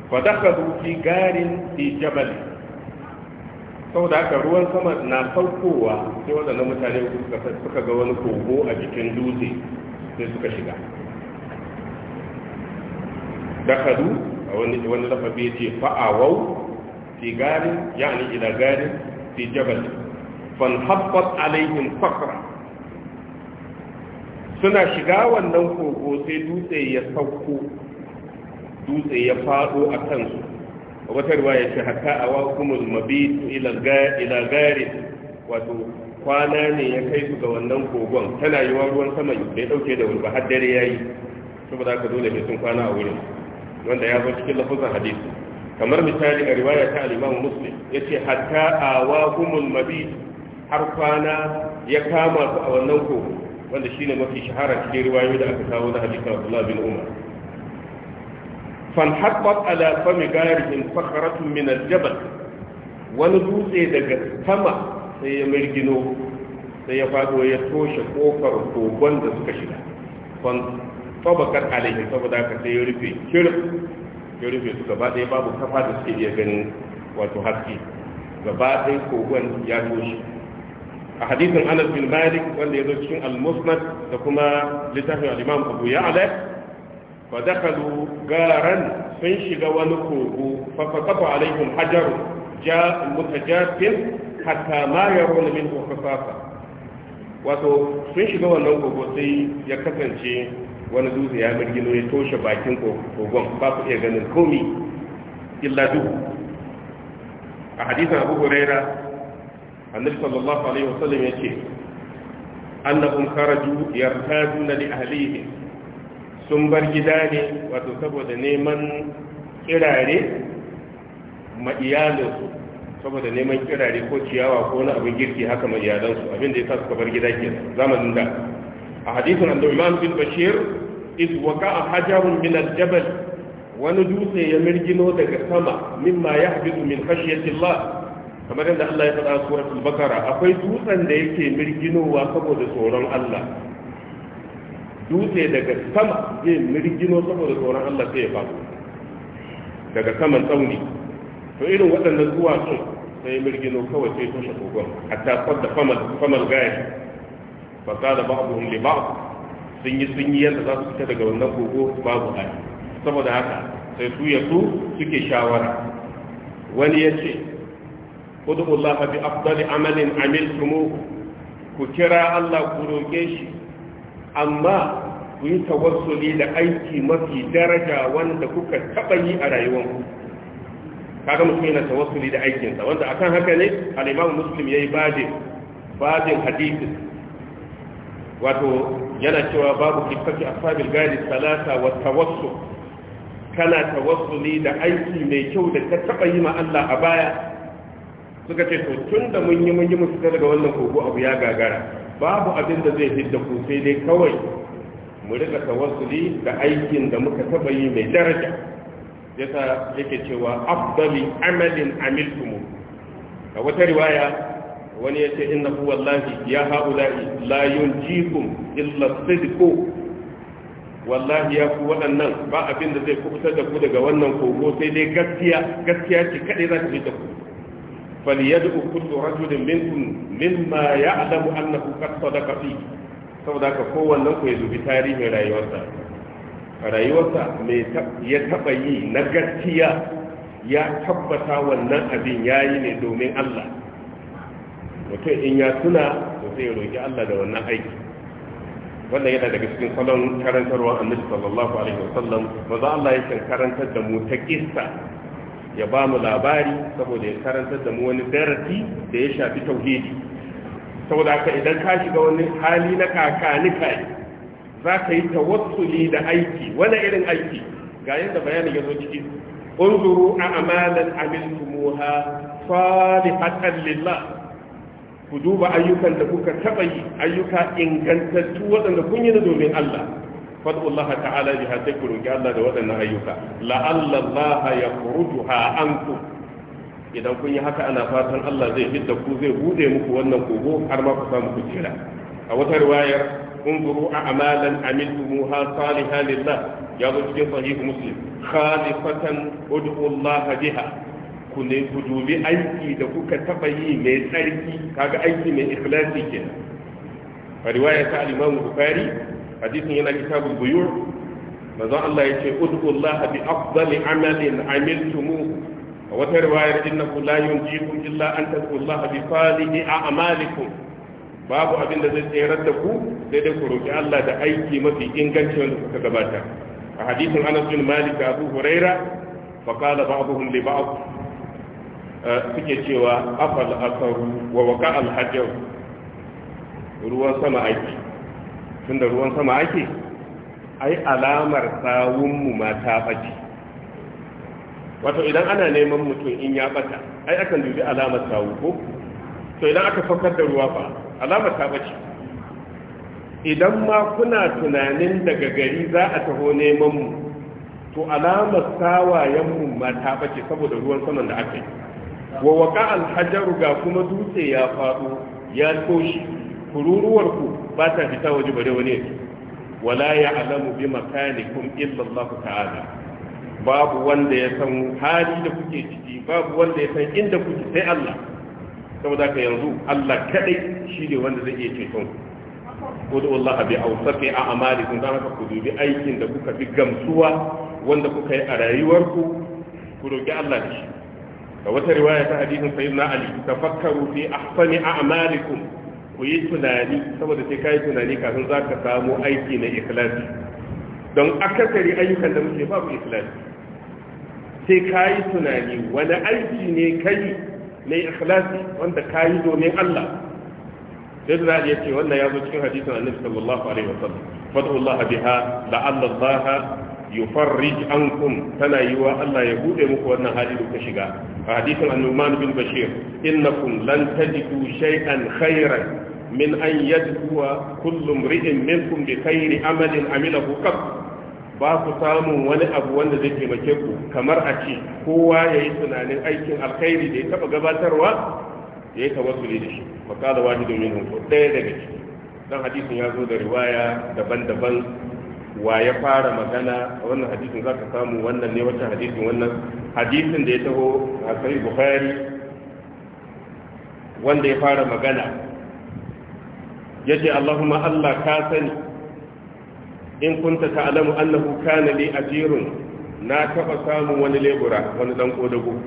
fa daga fi garin fi jabali saboda haka ruwan sama na saukowa sai waɗannan mutane suka ga wani kogo a cikin dutse sai suka shiga dakadu a wani lafafi ce fa'awau fi garin yani ila garin fi jabal fanhabbat alaihim fakra suna shiga wannan kogo sai dutse ya sauko dutse ya fado a kansu wata ruwa ya ce haka a wakumul mabitu ila gari wato kwana ne ya kai su ga wannan kogon tana yi wa ruwan sama bai dauke da wulba har dare ya yi saboda haka dole mai sun kwana a wurin wanda ya zo cikin lafazan hadisi kamar misali a riwaya ta al-Imam ya yace hatta awahumul mabi har kwana ya kama su a wannan kogo wanda shine mafi shahara cikin riwayoyi da aka kawo na hadisin bin Umar fanhabbat ala garihin fakaratun min aljabal wani dutse daga sama sai ya mirgino sai ya fado ya toshe kofar kogon da suka shiga fan tabakar alaihi saboda ka sai ya rufe kirf ya rufe su gaba ɗaya babu kafa da suke iya ganin wato haske gaba ɗaya kogon ya toshe a hadisin anas bin malik wanda ya zo cikin al-musnad da kuma littafin al-imam abu ya'la fa dakhalu garan sun shiga wani kogo fa faqata alaihim hajar ja mutajafin hatta ma yarawna minhu khasafa wato sun shiga wannan kogo sai ya kasance wani dutse ya birgino ya toshe bakin kogon ba ku iya ganin komi illa duhu a hadisan abu huraira annabi sallallahu alaihi wasallam ya ce annahum kharaju yartaduna li ahlihi sun bar gida ne wato saboda neman kirare ma iyalinsu saboda neman kirare ko ciyawa ko wani abin girki haka ma iyalansu abin da ya sa suka bar gida ke zamanin da a hadisin al-Imam bin Bashir iz waqa'a hajarun min al-jabal wani dutse ya mirgino daga sama mimma yahbitu min khashyati Allah kamar yadda Allah ya faɗa suratul Baqara akwai dutsen da yake mirginowa saboda tsoron Allah dutse daga sama zai mirgino saboda tsoron Allah sai ya faɗo daga saman tsauni to irin waɗannan duwatsun sai mirgino kawai sai toshe kogon hatta fadda famal gaya fa qala ba'dhum sun yi sun yi yadda za su fita daga wannan gogo babu hali saboda haka sai su ya su suke shawara wani ya ce udu'ullah bi afdali amalin amiltumu ku kira Allah ku roƙe shi amma ku yi tawassuli da aiki mafi daraja wanda kuka taɓa yi a rayuwanku kaga mutum yana tawassuli da aikinsa wanda akan haka ne al'imamu imam muslim yi badin badin hadisi wato yana cewa babu a ashabil gari salata wa tawassul kana tawassuli da aiki mai kyau da ta taba yi ma Allah a baya suka ce to tunda mun yi mun yi musu fita daga wannan kogo abu ya gagara babu abin da zai hidda ku sai dai kawai mu rika tawassuli da aikin da muka taba yi mai daraja yasa yake cewa afdali amalin amiltumu a wata riwaya wani ya ce inna huwa wallahi ya haula'i layun yunjikum illa sidqu wallahi ya ku waɗannan ba abin da zai kubutar da ku daga wannan kogo sai dai gaskiya gaskiya ce za ta fi da ku falyad'u kullu rajulin minkum mimma ya'lamu annahu qad sadaqa fi saboda haka kowannen ku ya dubi tarihin rayuwarsa rayuwarsa me ya taɓa yi na gaskiya ya tabbata wannan abin yayi ne domin Allah mutum in ya tuna to sai ya roƙi Allah da wannan aiki Wanda yana daga cikin salon karantarwa annabi sallallahu alaihi wasallam za Allah ya karantar da mu ta kissa ya ba mu labari saboda ya karantar da mu wani darasi da ya shafi tauhidi saboda ka idan ka shiga wani hali na kakanika za ka yi tawassuli da aiki wani irin aiki ga yadda bayanin ya zo ciki unzuru a amalan amiltumuha salihatan lillah ku duba ayyukan da kuka taɓa yi ayyuka ingantattu waɗanda kun yi na domin Allah fadu Allah ta'ala biha sai ku roƙi Allah da waɗannan ayyuka la'alla Allah ya furujuha anku idan kun yi haka ana fatan Allah zai fidda ku zai buɗe muku wannan kogo har ma ku samu ku jira a wata riwayar a a'malan amiltumuha salihan lillah ya zo cikin sahih muslim khalifatan ud'u Allah biha ku ne ku dubi aiki da kuka taba yi mai tsarki kaga aiki mai ikhlasi kenan a riwaya ta al-Imam Bukhari hadisin yana kitabul buyur manzo Allah yace ud'ullaha bi afdali amalin amiltumu a wata riwayar innahu la yunjikum illa an tad'ullaha bi falihi a'malikum babu abin da zai tsayar da ku sai dai ku roki Allah da aiki mafi inganci wanda kuka gabata a hadisin Anas bin Malik Abu Huraira فقال بعضهم لبعض suke cewa afal asaru wa waka alhajar ruwan sama ake tunda ruwan sama ake ai alamar sawunmu ma ta ɓace wato idan ana neman mutum in ya ɓata ai akan dubi alamar sawu ko to idan aka saukar da ruwa fa alamar ta ɓace idan ma kuna tunanin daga gari za a taho neman mu to alamar sawayenmu ma ta ɓace saboda ruwan saman da aka yi wa waka alhajaru ga kuma dutse ya faɗo ya toshi kururuwarku ba ta fita waje bare wani wala ya alamu bi makanikum illa Allah ta'ala babu wanda ya san hali da kuke ciki babu wanda ya san inda kuke sai Allah saboda ka yanzu Allah kadai shi wanda zai iya ceton ku udu Allah bi awsaqi a'malikum dan ku dubi aikin da kuka fi gamsuwa wanda kuka yi a rayuwarku ku roki Allah da shi da wata riwaya ta hadisin sayyidina ali tafakkaru fi ahsani a'malikum ku yi tunani saboda sai kai tunani kafin za ka samu aiki na ikhlasi don akasari ayyukan da muke babu ikhlasi sai kai tunani wani aiki ne kai na ikhlasi wanda kai domin Allah sai Ali ya ce wannan ya zo cikin hadisin annabi sallallahu alaihi wasallam fad'u Allah biha la'alla Allah yufarrij ankum tana yiwa Allah ya buɗe muku wannan hali da ku shiga a hadisin annuman bin bashir innakum lan tajidu an kaira min an yadkuwa kullu mri'in minkum bi khairi amalin amilahu qab ba ku samun wani abu wanda zai taimake ku kamar a ce kowa yayi tunanin aikin alkhairi da ya taba gabatarwa ya yi tawassuli da shi fa qala wahidun minhum ɗaya daga ciki dan hadisin ya zo da riwaya daban-daban wa ya fara magana a wannan hadisin za ka samu wannan ne wata hadisin wannan hadisin da ya taho a sai bukhari wanda ya fara magana ya ce allahumma allah ka sani in kunta ta'lamu annahu kana li ajirun na taba samun wani lebura wani dan kodago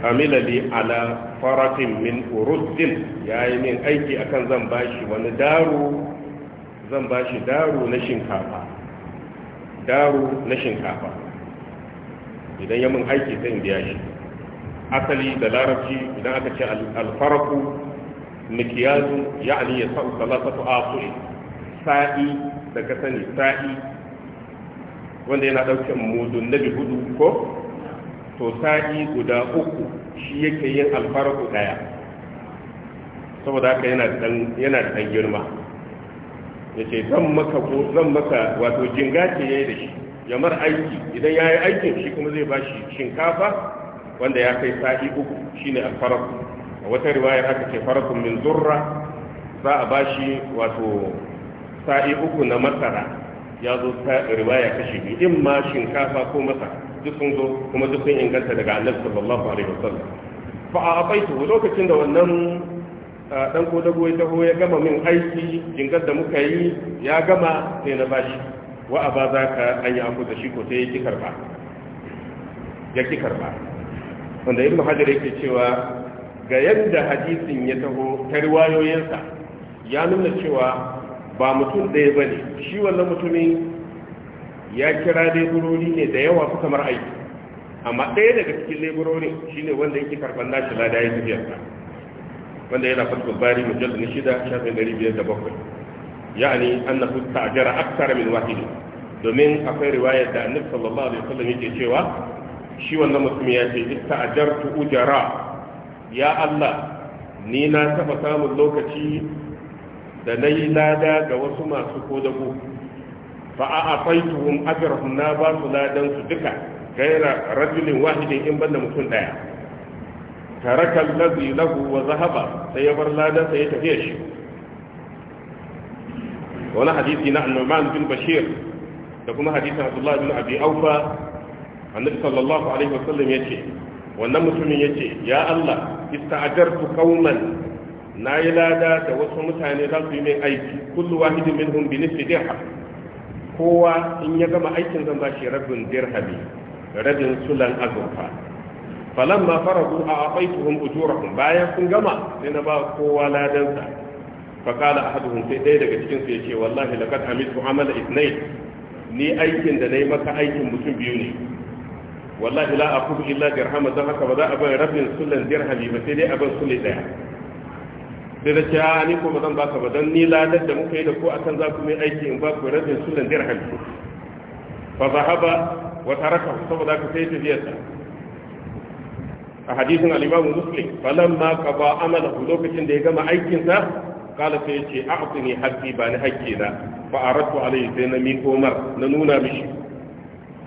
amila li ala faratin min urusdin yayi min aiki akan zan bashi wani daro zan ba shi daro na shinkafa daro na shinkafa idan ya mun aiki sai in biya shi asali da larabci idan aka ce alfaraku mikiyazu ya'ani ya sa'u salatatu aqul sa'i da ka sani sa'i wanda yana dauke mudun nabi hudu ko to sa'i guda uku shi yake yin alfaraku daya saboda haka yana da dan girma ya ce zan maka ko zan maka wato jinga ce ya yi da shi ya mar aiki idan ya yi aikin shi kuma zai ba shi shinkafa wanda ya kai sa'i uku shine alfarar a wata riwaya aka ce farakun min zurra za a ba shi wato sa'i uku na masara ya zo ta riwaya kashi biyu in ma shinkafa ko masara duk sun zo kuma duk sun inganta daga annabi sallallahu alaihi wasallam fa a abaitu lokacin da wannan dan ko dago ya taho ya gama min aiki jingar da muka yi ya gama sai na bashi wa a ba za ka an yi abu da shi ko sai ya ki karba ya ki karba wanda ibn hajar yake cewa ga yadda hadisin ya taho ta riwayoyinsa ya nuna cewa ba mutum ɗaya ba ne shi wannan mutumin ya kira leburori ne da yawa su kamar aiki amma ɗaya daga cikin leburorin shine wanda yake karɓar nashi lada ya tafiyarsa wanda yana fatul bari mujallad na shida shafin ɗari biyar da bakwai yani annahu ta'jara akthar min wahid domin akwai riwayar da annabi sallallahu alaihi wasallam yake cewa shi wannan mutum ya ce ista'jartu ujara ya Allah ni na taba samun lokaci da na yi lada ga wasu masu kodago fa a afaituhum ajrahum na ba su ladan su duka gaira rajulin wahidin in banda mutum daya taraka lazi lahu wa zahaba sai ya bar ladan sai ya tafi shi wani hadisi na annuman bin bashir da kuma hadisin abdullahi bin abi aufa annabi sallallahu alaihi wasallam yace wannan mutumin yace ya Allah ista'ajartu qauman na yi lada da wasu mutane za su yi min aiki kullu wahidin minhum bi nisfi dirham kowa in ya gama aikin zan ba shi rabin dirhami rabin sulan azurfa falamma farahu a afaituhum ujurahum bayan sun gama sai na ba kowa ladansa fa qala ahaduhum sai dai daga cikin su yace wallahi laqad amiltu amala ithnain ni aikin da nayi maka aikin mutum biyu ne wallahi la aqulu illa dirhama dan haka ba za a bar rabin sullan dirhami ba sai dai a bar sulli daya sai da ce ni ko ba zan baka ba dan ni ladar da muka yi da ko akan za ku mai aiki in ba ku rabin sullan dirhami fa zahaba wa taraka saboda ka sai tafiyarsa a hadisin al-imamu muslim falamma qada amalahu lokacin da ya gama aikin sa kala sai yace a'tini haqqi ba ni haqqi na fa aradtu alayhi sai na miko mar na nuna mishi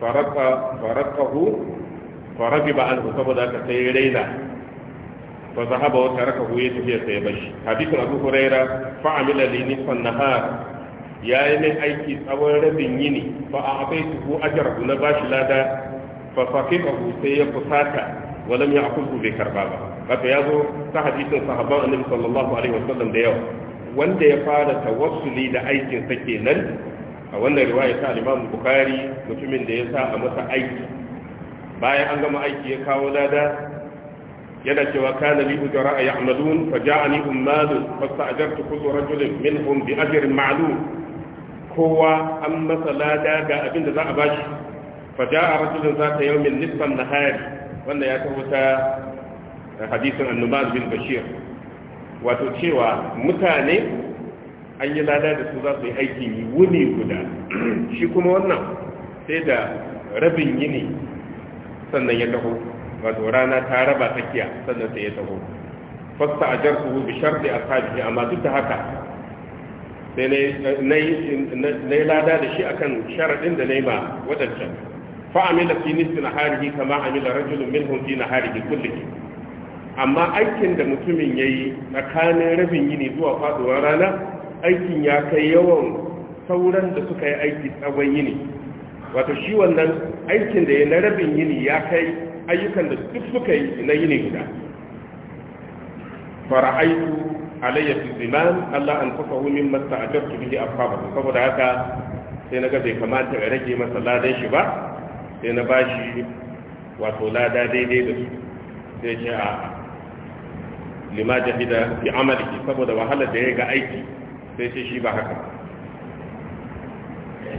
faraka farakahu ba faragiba anhu saboda ka sai raina fa zahaba wa tarakahu ya tafi ya sai bashi hadisin abu huraira fa amila li nisfan nahar ya yi min aiki tsawon rabin yini fa a abai tuhu ajarhu na bashi lada fa fafiqahu sai ya fusata walam ya akulhu bai karba ba wato ya zo ta hadisin sahabban annabi sallallahu alaihi wasallam da yawa wanda ya fara tawassuli da aikin sa kenan a wannan riwaya ta al-Imam mutumin da ya sa a masa aiki bayan an gama aiki ya kawo lada yana cewa kana li ujara ya'malun fa ja'ani ummalun fasta'jartu kullu rajulin minhum kowa an masa ga abinda za a bashi fa ja'a rajulun zata yawmin nisfan nahari wanda ya taho ta hadisin annubaz bin bashir wato cewa mutane an yi lada da su za su yi aiki wuni guda shi kuma wannan sai da rabin yini sannan ya taho wato rana ta raba tsakiya sannan sai ya taho fasta a jar su bi sharɗi a sabihi amma duk da haka sai na yi lada da shi akan sharaɗin da na yi ma waɗancan fa'amila fi nisfi Harihi kama amila rajulun minhum fi naharihi amma aikin da mutumin yayi tsakanin rabin yini zuwa faduwar rana aikin ya kai yawan sauran da suka yi aiki tsawon yini wato shi wannan aikin da ya na rabin yini ya kai ayyukan da duk suka yi na yini guda fara'aitu alayya fi ziman Allah an fasahu min masta bihi ashabahu saboda haka sai naga bai kamata ya rage masa ladan shi ba sai na bashi wato lada daidai da su sai ce a lima da fi amaliki saboda wahalar da ya ga aiki sai ce shi ba haka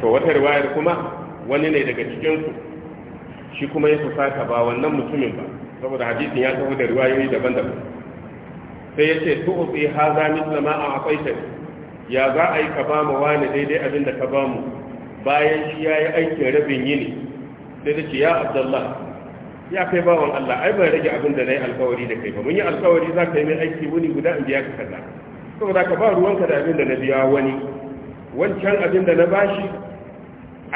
to wata riwayar kuma wani ne daga cikinsu shi kuma ya fusata ba wannan mutumin ba saboda hadisin ya taho da riwayoyi daban-daban sai ya ce su tu'ubi zama a akwai tafi. ya za a yi ka ba mu wani daidai abin da ka ba mu bayan shi ya yi aikin rabin yini sai da ce ya abdullah ya kai bawan Allah ai ya rage abin da nayi alkawari da kai ba mun yi alkawari za ka yi min aiki wuni guda in biya ka kaza saboda ka ba ruwanka da abin da na biya wani wancan abin da na bashi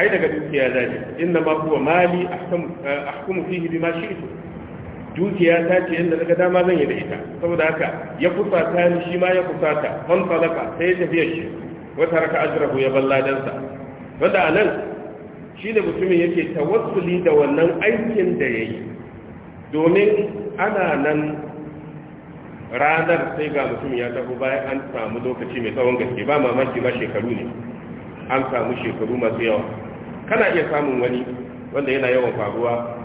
ai daga dukiya zaje inna ma huwa mali ahkum eh, fihi bima shi'tu dukiya ta ce yadda daga dama zan yi da ita saboda haka ya kusata ni shi ma ya kusata man talaka sai ya tafiya shi wata raka ajrahu ya balladansa wanda anan shi ne mutumin yake tawassuli da wannan aikin da ya yi domin ana nan ranar sai ga mutum ya tafi bayan an samu lokaci mai tsawon gaske ba mamaki ba shekaru ne an samu shekaru masu yawa kana iya samun wani wanda yana yawan faruwa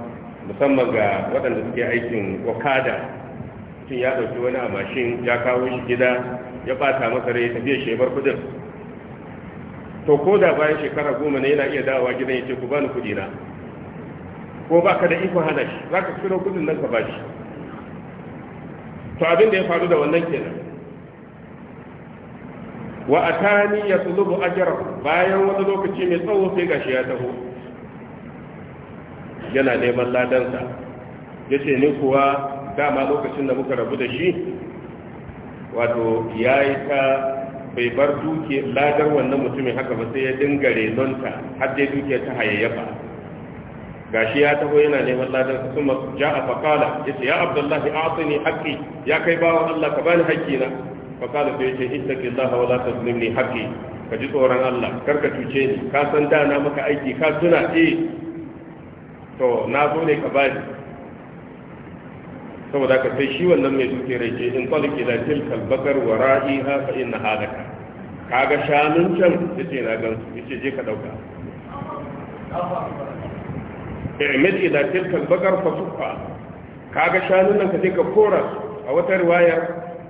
musamman ga waɗanda suke aikin wakada mutum ya ɗauki wani a mashin ya kawo shi gida ya ɓata masa rai tafiya shi kudin to ko da bayan shekara goma ne yana iya dawowa gidan ya ce ku bani kuɗi na ko ba ka da iko hana shi za ka ciro kuɗin nan ka bashi. to abin da ya faru da wannan kenan wa atani ya tulubu ajara bayan wani lokaci mai tsawo sai gashi ya taho yana neman ladansa ya ce ni kuwa dama lokacin da muka rabu da shi wato ya yi ta bai bar duke ladar wannan mutumin haka ba sai ya dinga renonta har dai duke ta Ga gashi ya taho yana neman ladar su kuma ja a fakala ya ce ya abdullahi a ne haƙƙi ya kai bawa allah ka bani haƙƙi na fakala sai ya ce ittaqi allah wa ta tazlimni haƙƙi ka ji tsoron allah kar ka cuce ni ka san dana maka aiki ka tuna eh to na zo ne ka bani saboda ka sai shi wannan mai duke rai ce in tsalik ila tilkal bakar wa ra'iha fa inna Ka ga shanun can ya ce na gan su ce je ka dauka i'mid idan tilkal bakar fa Ka ga shanun nan ka je ka kora a wata riwaya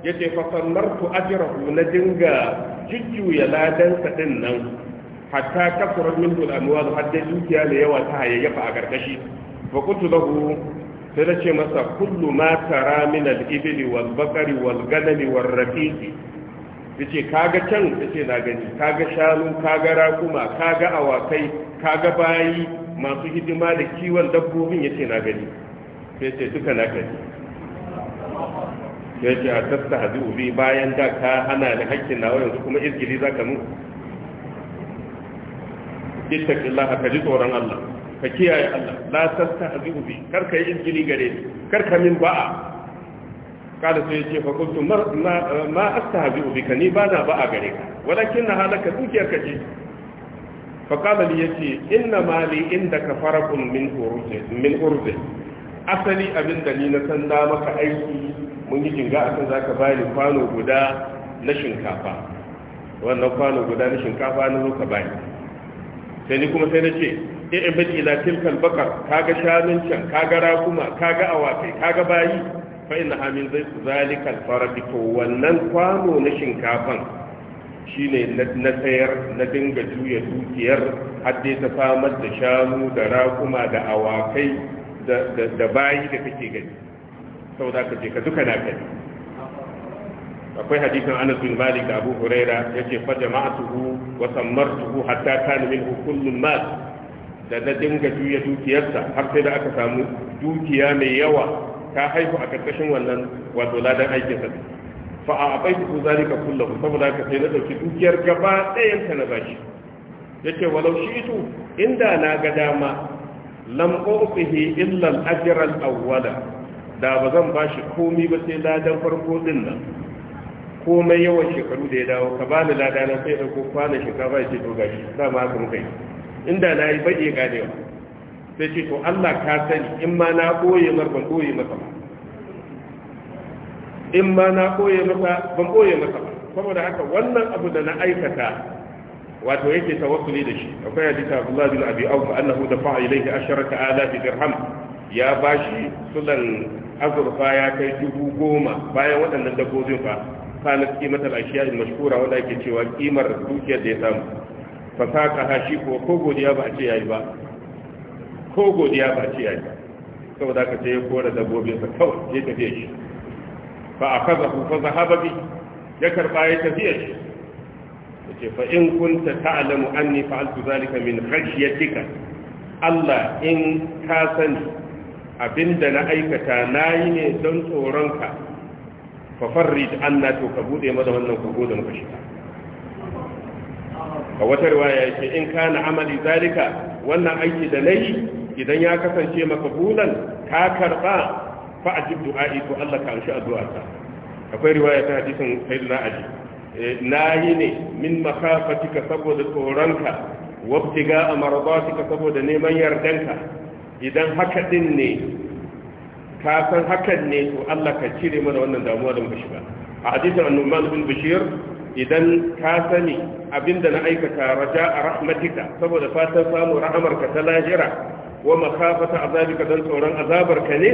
ya yace fa sallartu ajrahu na dinga jujjuya ladan sa din nan hatta kafarar min al-amwal hadda dukiya da yawa ta hayayyafa a karkashi fa kuntu lahu sai na ce masa kullu ma tara min al-ibli wal bakari wal ganami wal rafiqi yace kaga can yace na gani kaga shanu kaga rakuma kaga awakai kaga bayi masu hidima da kiwon dabbobin yace na gani sai ce duka na gani yace a tasta hadu bi bayan da ka hana da hakkin nawa yanzu kuma izgili zaka mu ittaqillaha ka ji tsoron Allah ka kiyaye Allah la tastahzi'u bi kar ka yi injili gare ni kar ka min ba'a kada sai yace fa kuntu ma ma astahzi'u bi ni ba na ba'a gare ka walakin na halaka dukiyar ka ce fa kada li yace inna mali indaka farqun min urud min urud asali abin da ni na san da maka aiki mun yi jinga akan zaka bani kwano guda na shinkafa wannan kwano guda na shinkafa na zo ka bani sai ni kuma sai na ce i'mal ila tilkal bakar kaga shanun can kaga rakuma kaga awakai kaga bayi fa zai su zalikal farad wannan kwano na shinkafan shine na sayar na dinga juya dukiyar har ta famar da shanu da rakuma da awakai da bayi da kake gani saboda ka je ka duka na kai akwai hadisin Anas bin Malik da Abu Huraira yace fa jama'atuhu wa sammartuhu hatta kana minhu kullu mal da na dinga juya dukiyarsa har sai da aka samu dukiya mai yawa ta haihu a karkashin wannan wato ladan aikinsa fa a abai ka zalika ku? saboda ka sai na dauki dukiyar gaba ɗayan ta na bashi yace walau shi itu inda na ga dama lam illan illa al al-awwala da ba zan bashi komai ba sai ladan farko din nan komai yawan shekaru da ya dawo ka bani lada na sai ko kwana shinkafa ya ce to gashi dama haka muka yi inda na yi bai ganewa sai ce to Allah ka sani in ma na koye ban koye masa ba in ma na koye masa ban koye masa ba saboda haka wannan abu da na aikata wato yake tawassuli da shi akwai hadisi Abdullah bin Abi Auf annahu dafa ilayhi asharaka alafi dirham ya bashi sulan azurfa ya kai dubu goma bayan waɗannan dabbobin fa kana kimatar ashiya mashkura wanda ake cewa kimar dukiyar da ya samu fasaka ha shi ko godiya ba a ce yi ba ko godiya ba a ce yayi ba saboda ka ce ya kora dabbobinsa kawai ya tafiya shi fa akazahu fa zahaba bi ya karba ya tafiya shi ce fa in kun ta kunta ta'lamu ni fa'altu zalika min khashyatika Allah in ka sani abinda na aikata na yi ne don tsoronka fa farrij anna to ka bude mana wannan kogo da muka shiga a wata riwaya ce in kana amali zalika wannan aiki da nayi idan ya kasance maka bulan ka karba fa ajib du'a'i to Allah ka amshi addu'arka akwai riwaya ta hadisin sayyidina ali eh, nayi ne min makafatika saboda tsoronka wabtiga amardatika saboda neman yardanka idan haka din ne ka san hakan ne to Allah ka cire mana wannan damuwa da muka shiga a hadisin annuman bin bashir idan ka sani abinda na aikata raja a rahmatika saboda fatan samu rahamarka ta lahira wa makafata azabika don tsoron azabarka ne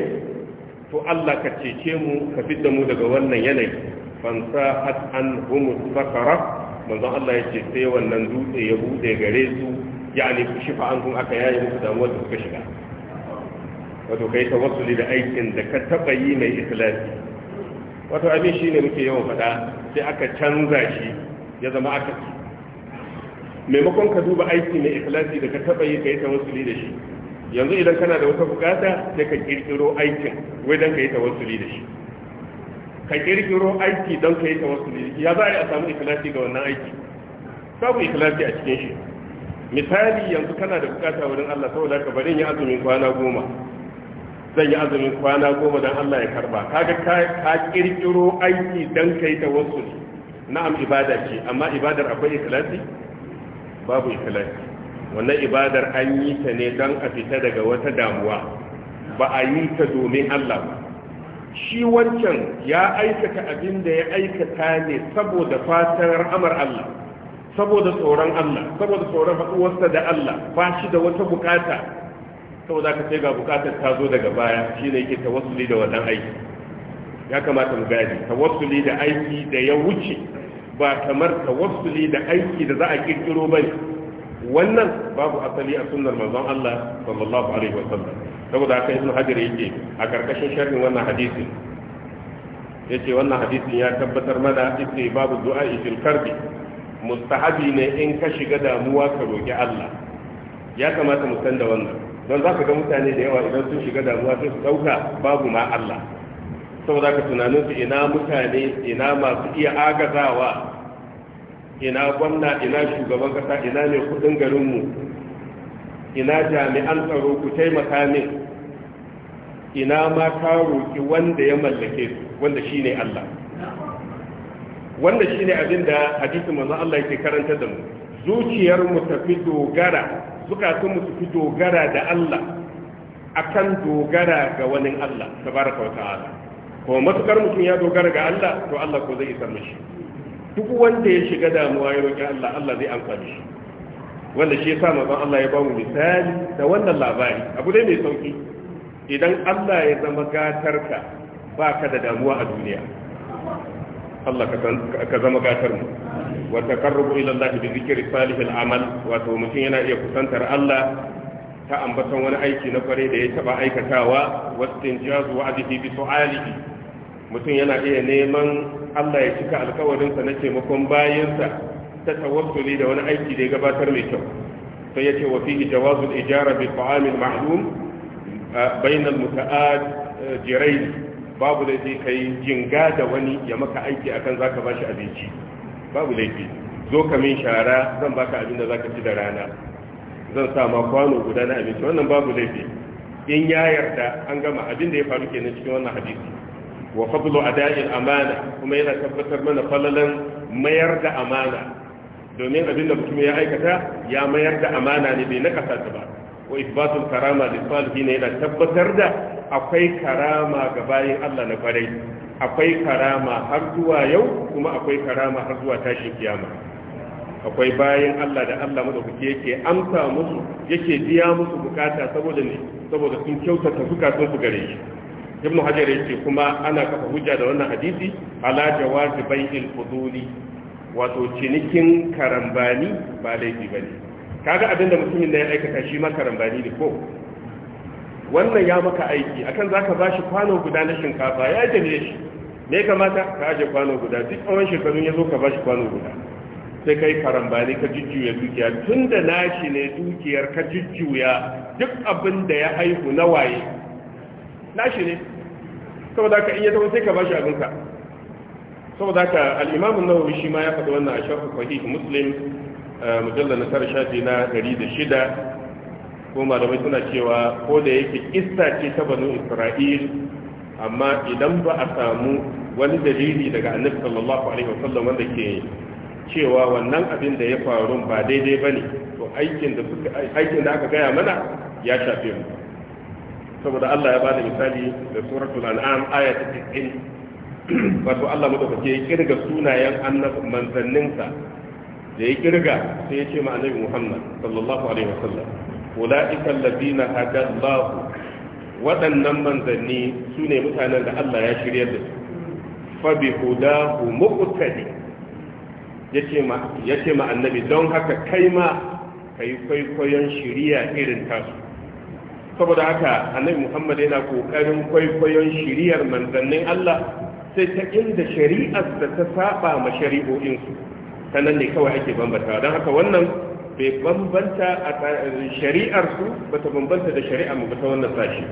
to Allah ka cece mu ka fidda mu daga wannan yanayi fansa hat an humus fakara manzon Allah ya ce sai wannan dutse ya bude gare su yani ku shifa an kun aka yayi muku damuwar da kuka shiga wato kai tawassuli da aikin da ka taba yi mai ikhlasi wato abin shi ne muke yawan faɗa sai aka canza shi ya zama aka ci maimakon ka duba aiki mai ikhlasi da ka taɓa yi ka yi tawassuli da shi yanzu idan kana da wata bukata sai ka kirkiro aikin wai don ka yi tawassuli da shi ka kirkiro aiki don ka yi tawassuli da shi ya za a samu ikhlasi ga wannan aiki babu ikhlasi a cikin shi misali yanzu kana da bukata wurin Allah saboda ka barin ya azumin kwana goma zan yi azumin kwana goma don Allah ya karba kaga ka kirkiro aiki don kai ta wasu na'am ibada ce amma ibadar akwai ikhlasi babu ikhlasi wannan ibadar an yi ta ne don a fita daga wata damuwa ba a yi ta domin Allah ba shi wancan ya aikata abin da ya aikata ne saboda fatan amar Allah saboda tsoron Allah saboda tsoron haɗuwarsa da Allah ba shi da wata bukata saboda ka sai ga bukatar ta zo daga baya shi shine yake tawassuli da wannan aiki ya kamata mu gane tawassuli da aiki da ya wuce ba kamar tawassuli da aiki da za a kirkiro bane wannan babu asali a sunnar manzon Allah sallallahu alaihi wasallam saboda haka ibn hajar yake a karkashin sharhin wannan hadisin yace wannan hadisin ya tabbatar mana ita babu du'a fil karbi mustahabi ne in ka shiga damuwa ka roki Allah ya kamata mu san da wannan don za ka ga mutane da yawa idan sun shiga damuwa sai su ɗauka babu ma Allah saboda ka tunanin su ina mutane ina masu iya agazawa ina gwamna ina shugaban kasa ina ne kudin garinmu ina jami'an tsaro ku taimaka min ina ma ka roƙi wanda ya mallake su wanda shi ne Allah wanda ne abin da hadisin manzon Allah yake karanta da mu zuciyar mu tafi dogara zukatun mu su fi dogara da Allah akan dogara ga wani Allah tabaraka wa ta'ala matukar mutum ya dogara ga Allah to Allah ko zai isar mishi duk wanda ya shiga damuwa ya roƙi Allah Allah zai amfani shi wanda shi yasa manzon Allah ya bamu misali da wannan labari abu dai mai sauki idan Allah ya zama ba baka da damuwa a duniya Allah ka zama gatar mu wa taqarrubu ila Allah bi dhikri salihil amal wato mutum yana iya kusantar Allah ta ambaton wani aiki na kware da ya taba aikatawa wastinjazu wa'dihi bi su'alihi mutum yana iya neman Allah ya cika sa na taimakon bayansa ta tawassuli da wani aiki da ya gabatar mai kyau sai yace wa fihi jawazul ijara bi ta'amil ma'lum bayna al-muta'ajjirin babu da zai kai jinga da wani ya maka aiki akan zaka bashi abinci babu laifi zo ka min shara zan baka abin da zaka ci da rana zan sa ma kwano guda na abinci wannan babu laifi in ya yarda an gama abin da ya faru kenan cikin wannan hadisi wa fadlu ada'il amana kuma yana tabbatar mana falalan mayar da amana domin abin da mutum ya aikata ya mayar da amana ne bai nakasa ta ba wa isbatul karama lil salihin yana tabbatar da akwai karama ga bayin Allah na kwarai akwai karama har zuwa yau kuma akwai karama har zuwa tashi kiyama akwai bayan Allah da Allah madaukake yake amsa musu yake biya musu bukata saboda ne saboda sun kyautata bukatun su gare shi ibnu hajar yace kuma ana kafa hujja da wannan hadisi ala jawazi bai'il fuduli wato cinikin karambani ba laifi bane kaga abinda mutumin da ya aikata shi ma karambani ne ko wannan ya maka aiki akan zaka bashi kwano guda na shinkafa ya jale shi me kamata ka aje kwano guda duk tsawon shekaru ya zo ka bashi kwano guda sai kai karambani ka jujjuya dukiya tun da nashi ne dukiyar ka jujjuya duk abin da ya haihu na waye nashi ne saboda ka iya zama sai ka bashi abinka saboda ka na wuri shi ma ya faɗi wannan a shafin fahim muslim eh, mujalla na tara shafi na 106 ko malamai suna cewa ko da yake kissa ce ta banu isra'il amma idan ba a samu wani dalili daga annabi sallallahu alaihi wasallam wanda ke cewa wannan abin da ya faru ba daidai bane to aikin da suka aikin da aka gaya mana ya shafe mu saboda Allah ya bada misali da suratul an'am aya ta 90 wato Allah madaukake ya kirga sunayen annabi manzanninsa da ya kirga sai ya ce ma annabi Muhammad sallallahu alaihi wasallam ula'ikan labina hadan lahu waɗannan manzanni su ne mutanen da Allah ya shirya da su fabi hudahu muqtadi yace ma yace ma annabi don haka kai ma kai kwaikwayon shiriya irin tasu saboda haka annabi Muhammad yana kokarin kwaikwayon shiriyar manzannin Allah sai ta inda shari'ar da ta saba ma shari'o'in su nan ne kawai ake bambata don haka wannan bai bambanta a shari'ar su bambanta da shari'a mu ta wannan sashi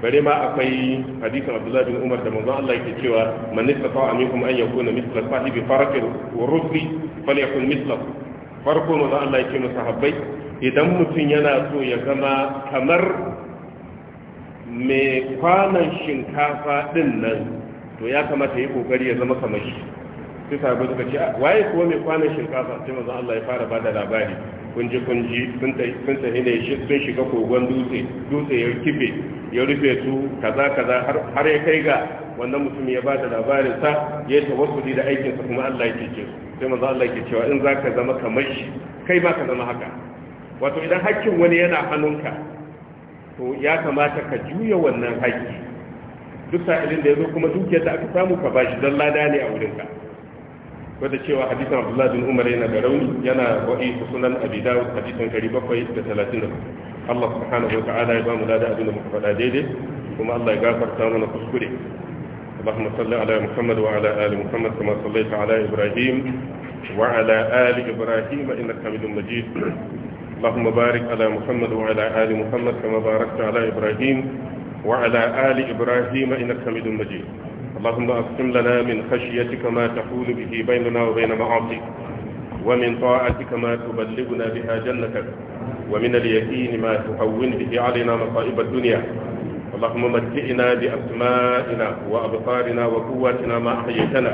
bare ma akwai hadisin Abdullahi bin Umar da manzon Allah yake cewa man istata'a minkum an yakuna mithla sahibi farqin wa rukbi falyakun mithla farko manzon Allah yake musahabbai idan mutum yana so ya zama kamar mai kwanan shinkafa din nan to ya kamata ya kokari ya zama kamar shi sai sahabbai suka ce waye kuwa mai kwanan shinkafa sai manzon Allah ya fara bada labari kun ji kun ji sun tafi ne sun shiga kogon dutse dutse ya kife ya rufe su kaza kaza har ya kai ga wannan mutum ya bada labarin sa ya tawassuli da aikin sa kuma Allah ya ce sai manzo Allah ya cewa in zaka zama kamar shi kai ba ka zama haka wato idan hakkin wani yana hannunka to ya kamata ka juya wannan hakki duk sa'ilin da ya zo kuma dukiyar da aka samu ka bashi don lada ne a wurinka wadda cewa hadisan abdullahi bin umar yana da rauni yana wa'i sunan abi dawud hadisan 734 Allah subhanahu wa ta'ala ya bamu mu lada abin da muka faɗa daidai kuma Allah ya gafarta mana kuskure اللهم صل على محمد وعلى آل محمد كما صليت على إبراهيم وعلى آل إبراهيم إنك حميد مجيد اللهم بارك على محمد وعلى آل محمد كما باركت على إبراهيم وعلى آل إبراهيم إنك حميد مجيد اللهم اقسم لنا من خشيتك ما تحول به بيننا وبين معاصيك ومن طاعتك ما تبلغنا بها جنتك ومن اليقين ما تهون به علينا مصائب الدنيا اللهم متئنا بأسمائنا وأبصارنا وقواتنا ما أحييتنا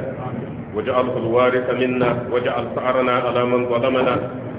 واجعله الوارث منا واجعل ثأرنا على من ظلمنا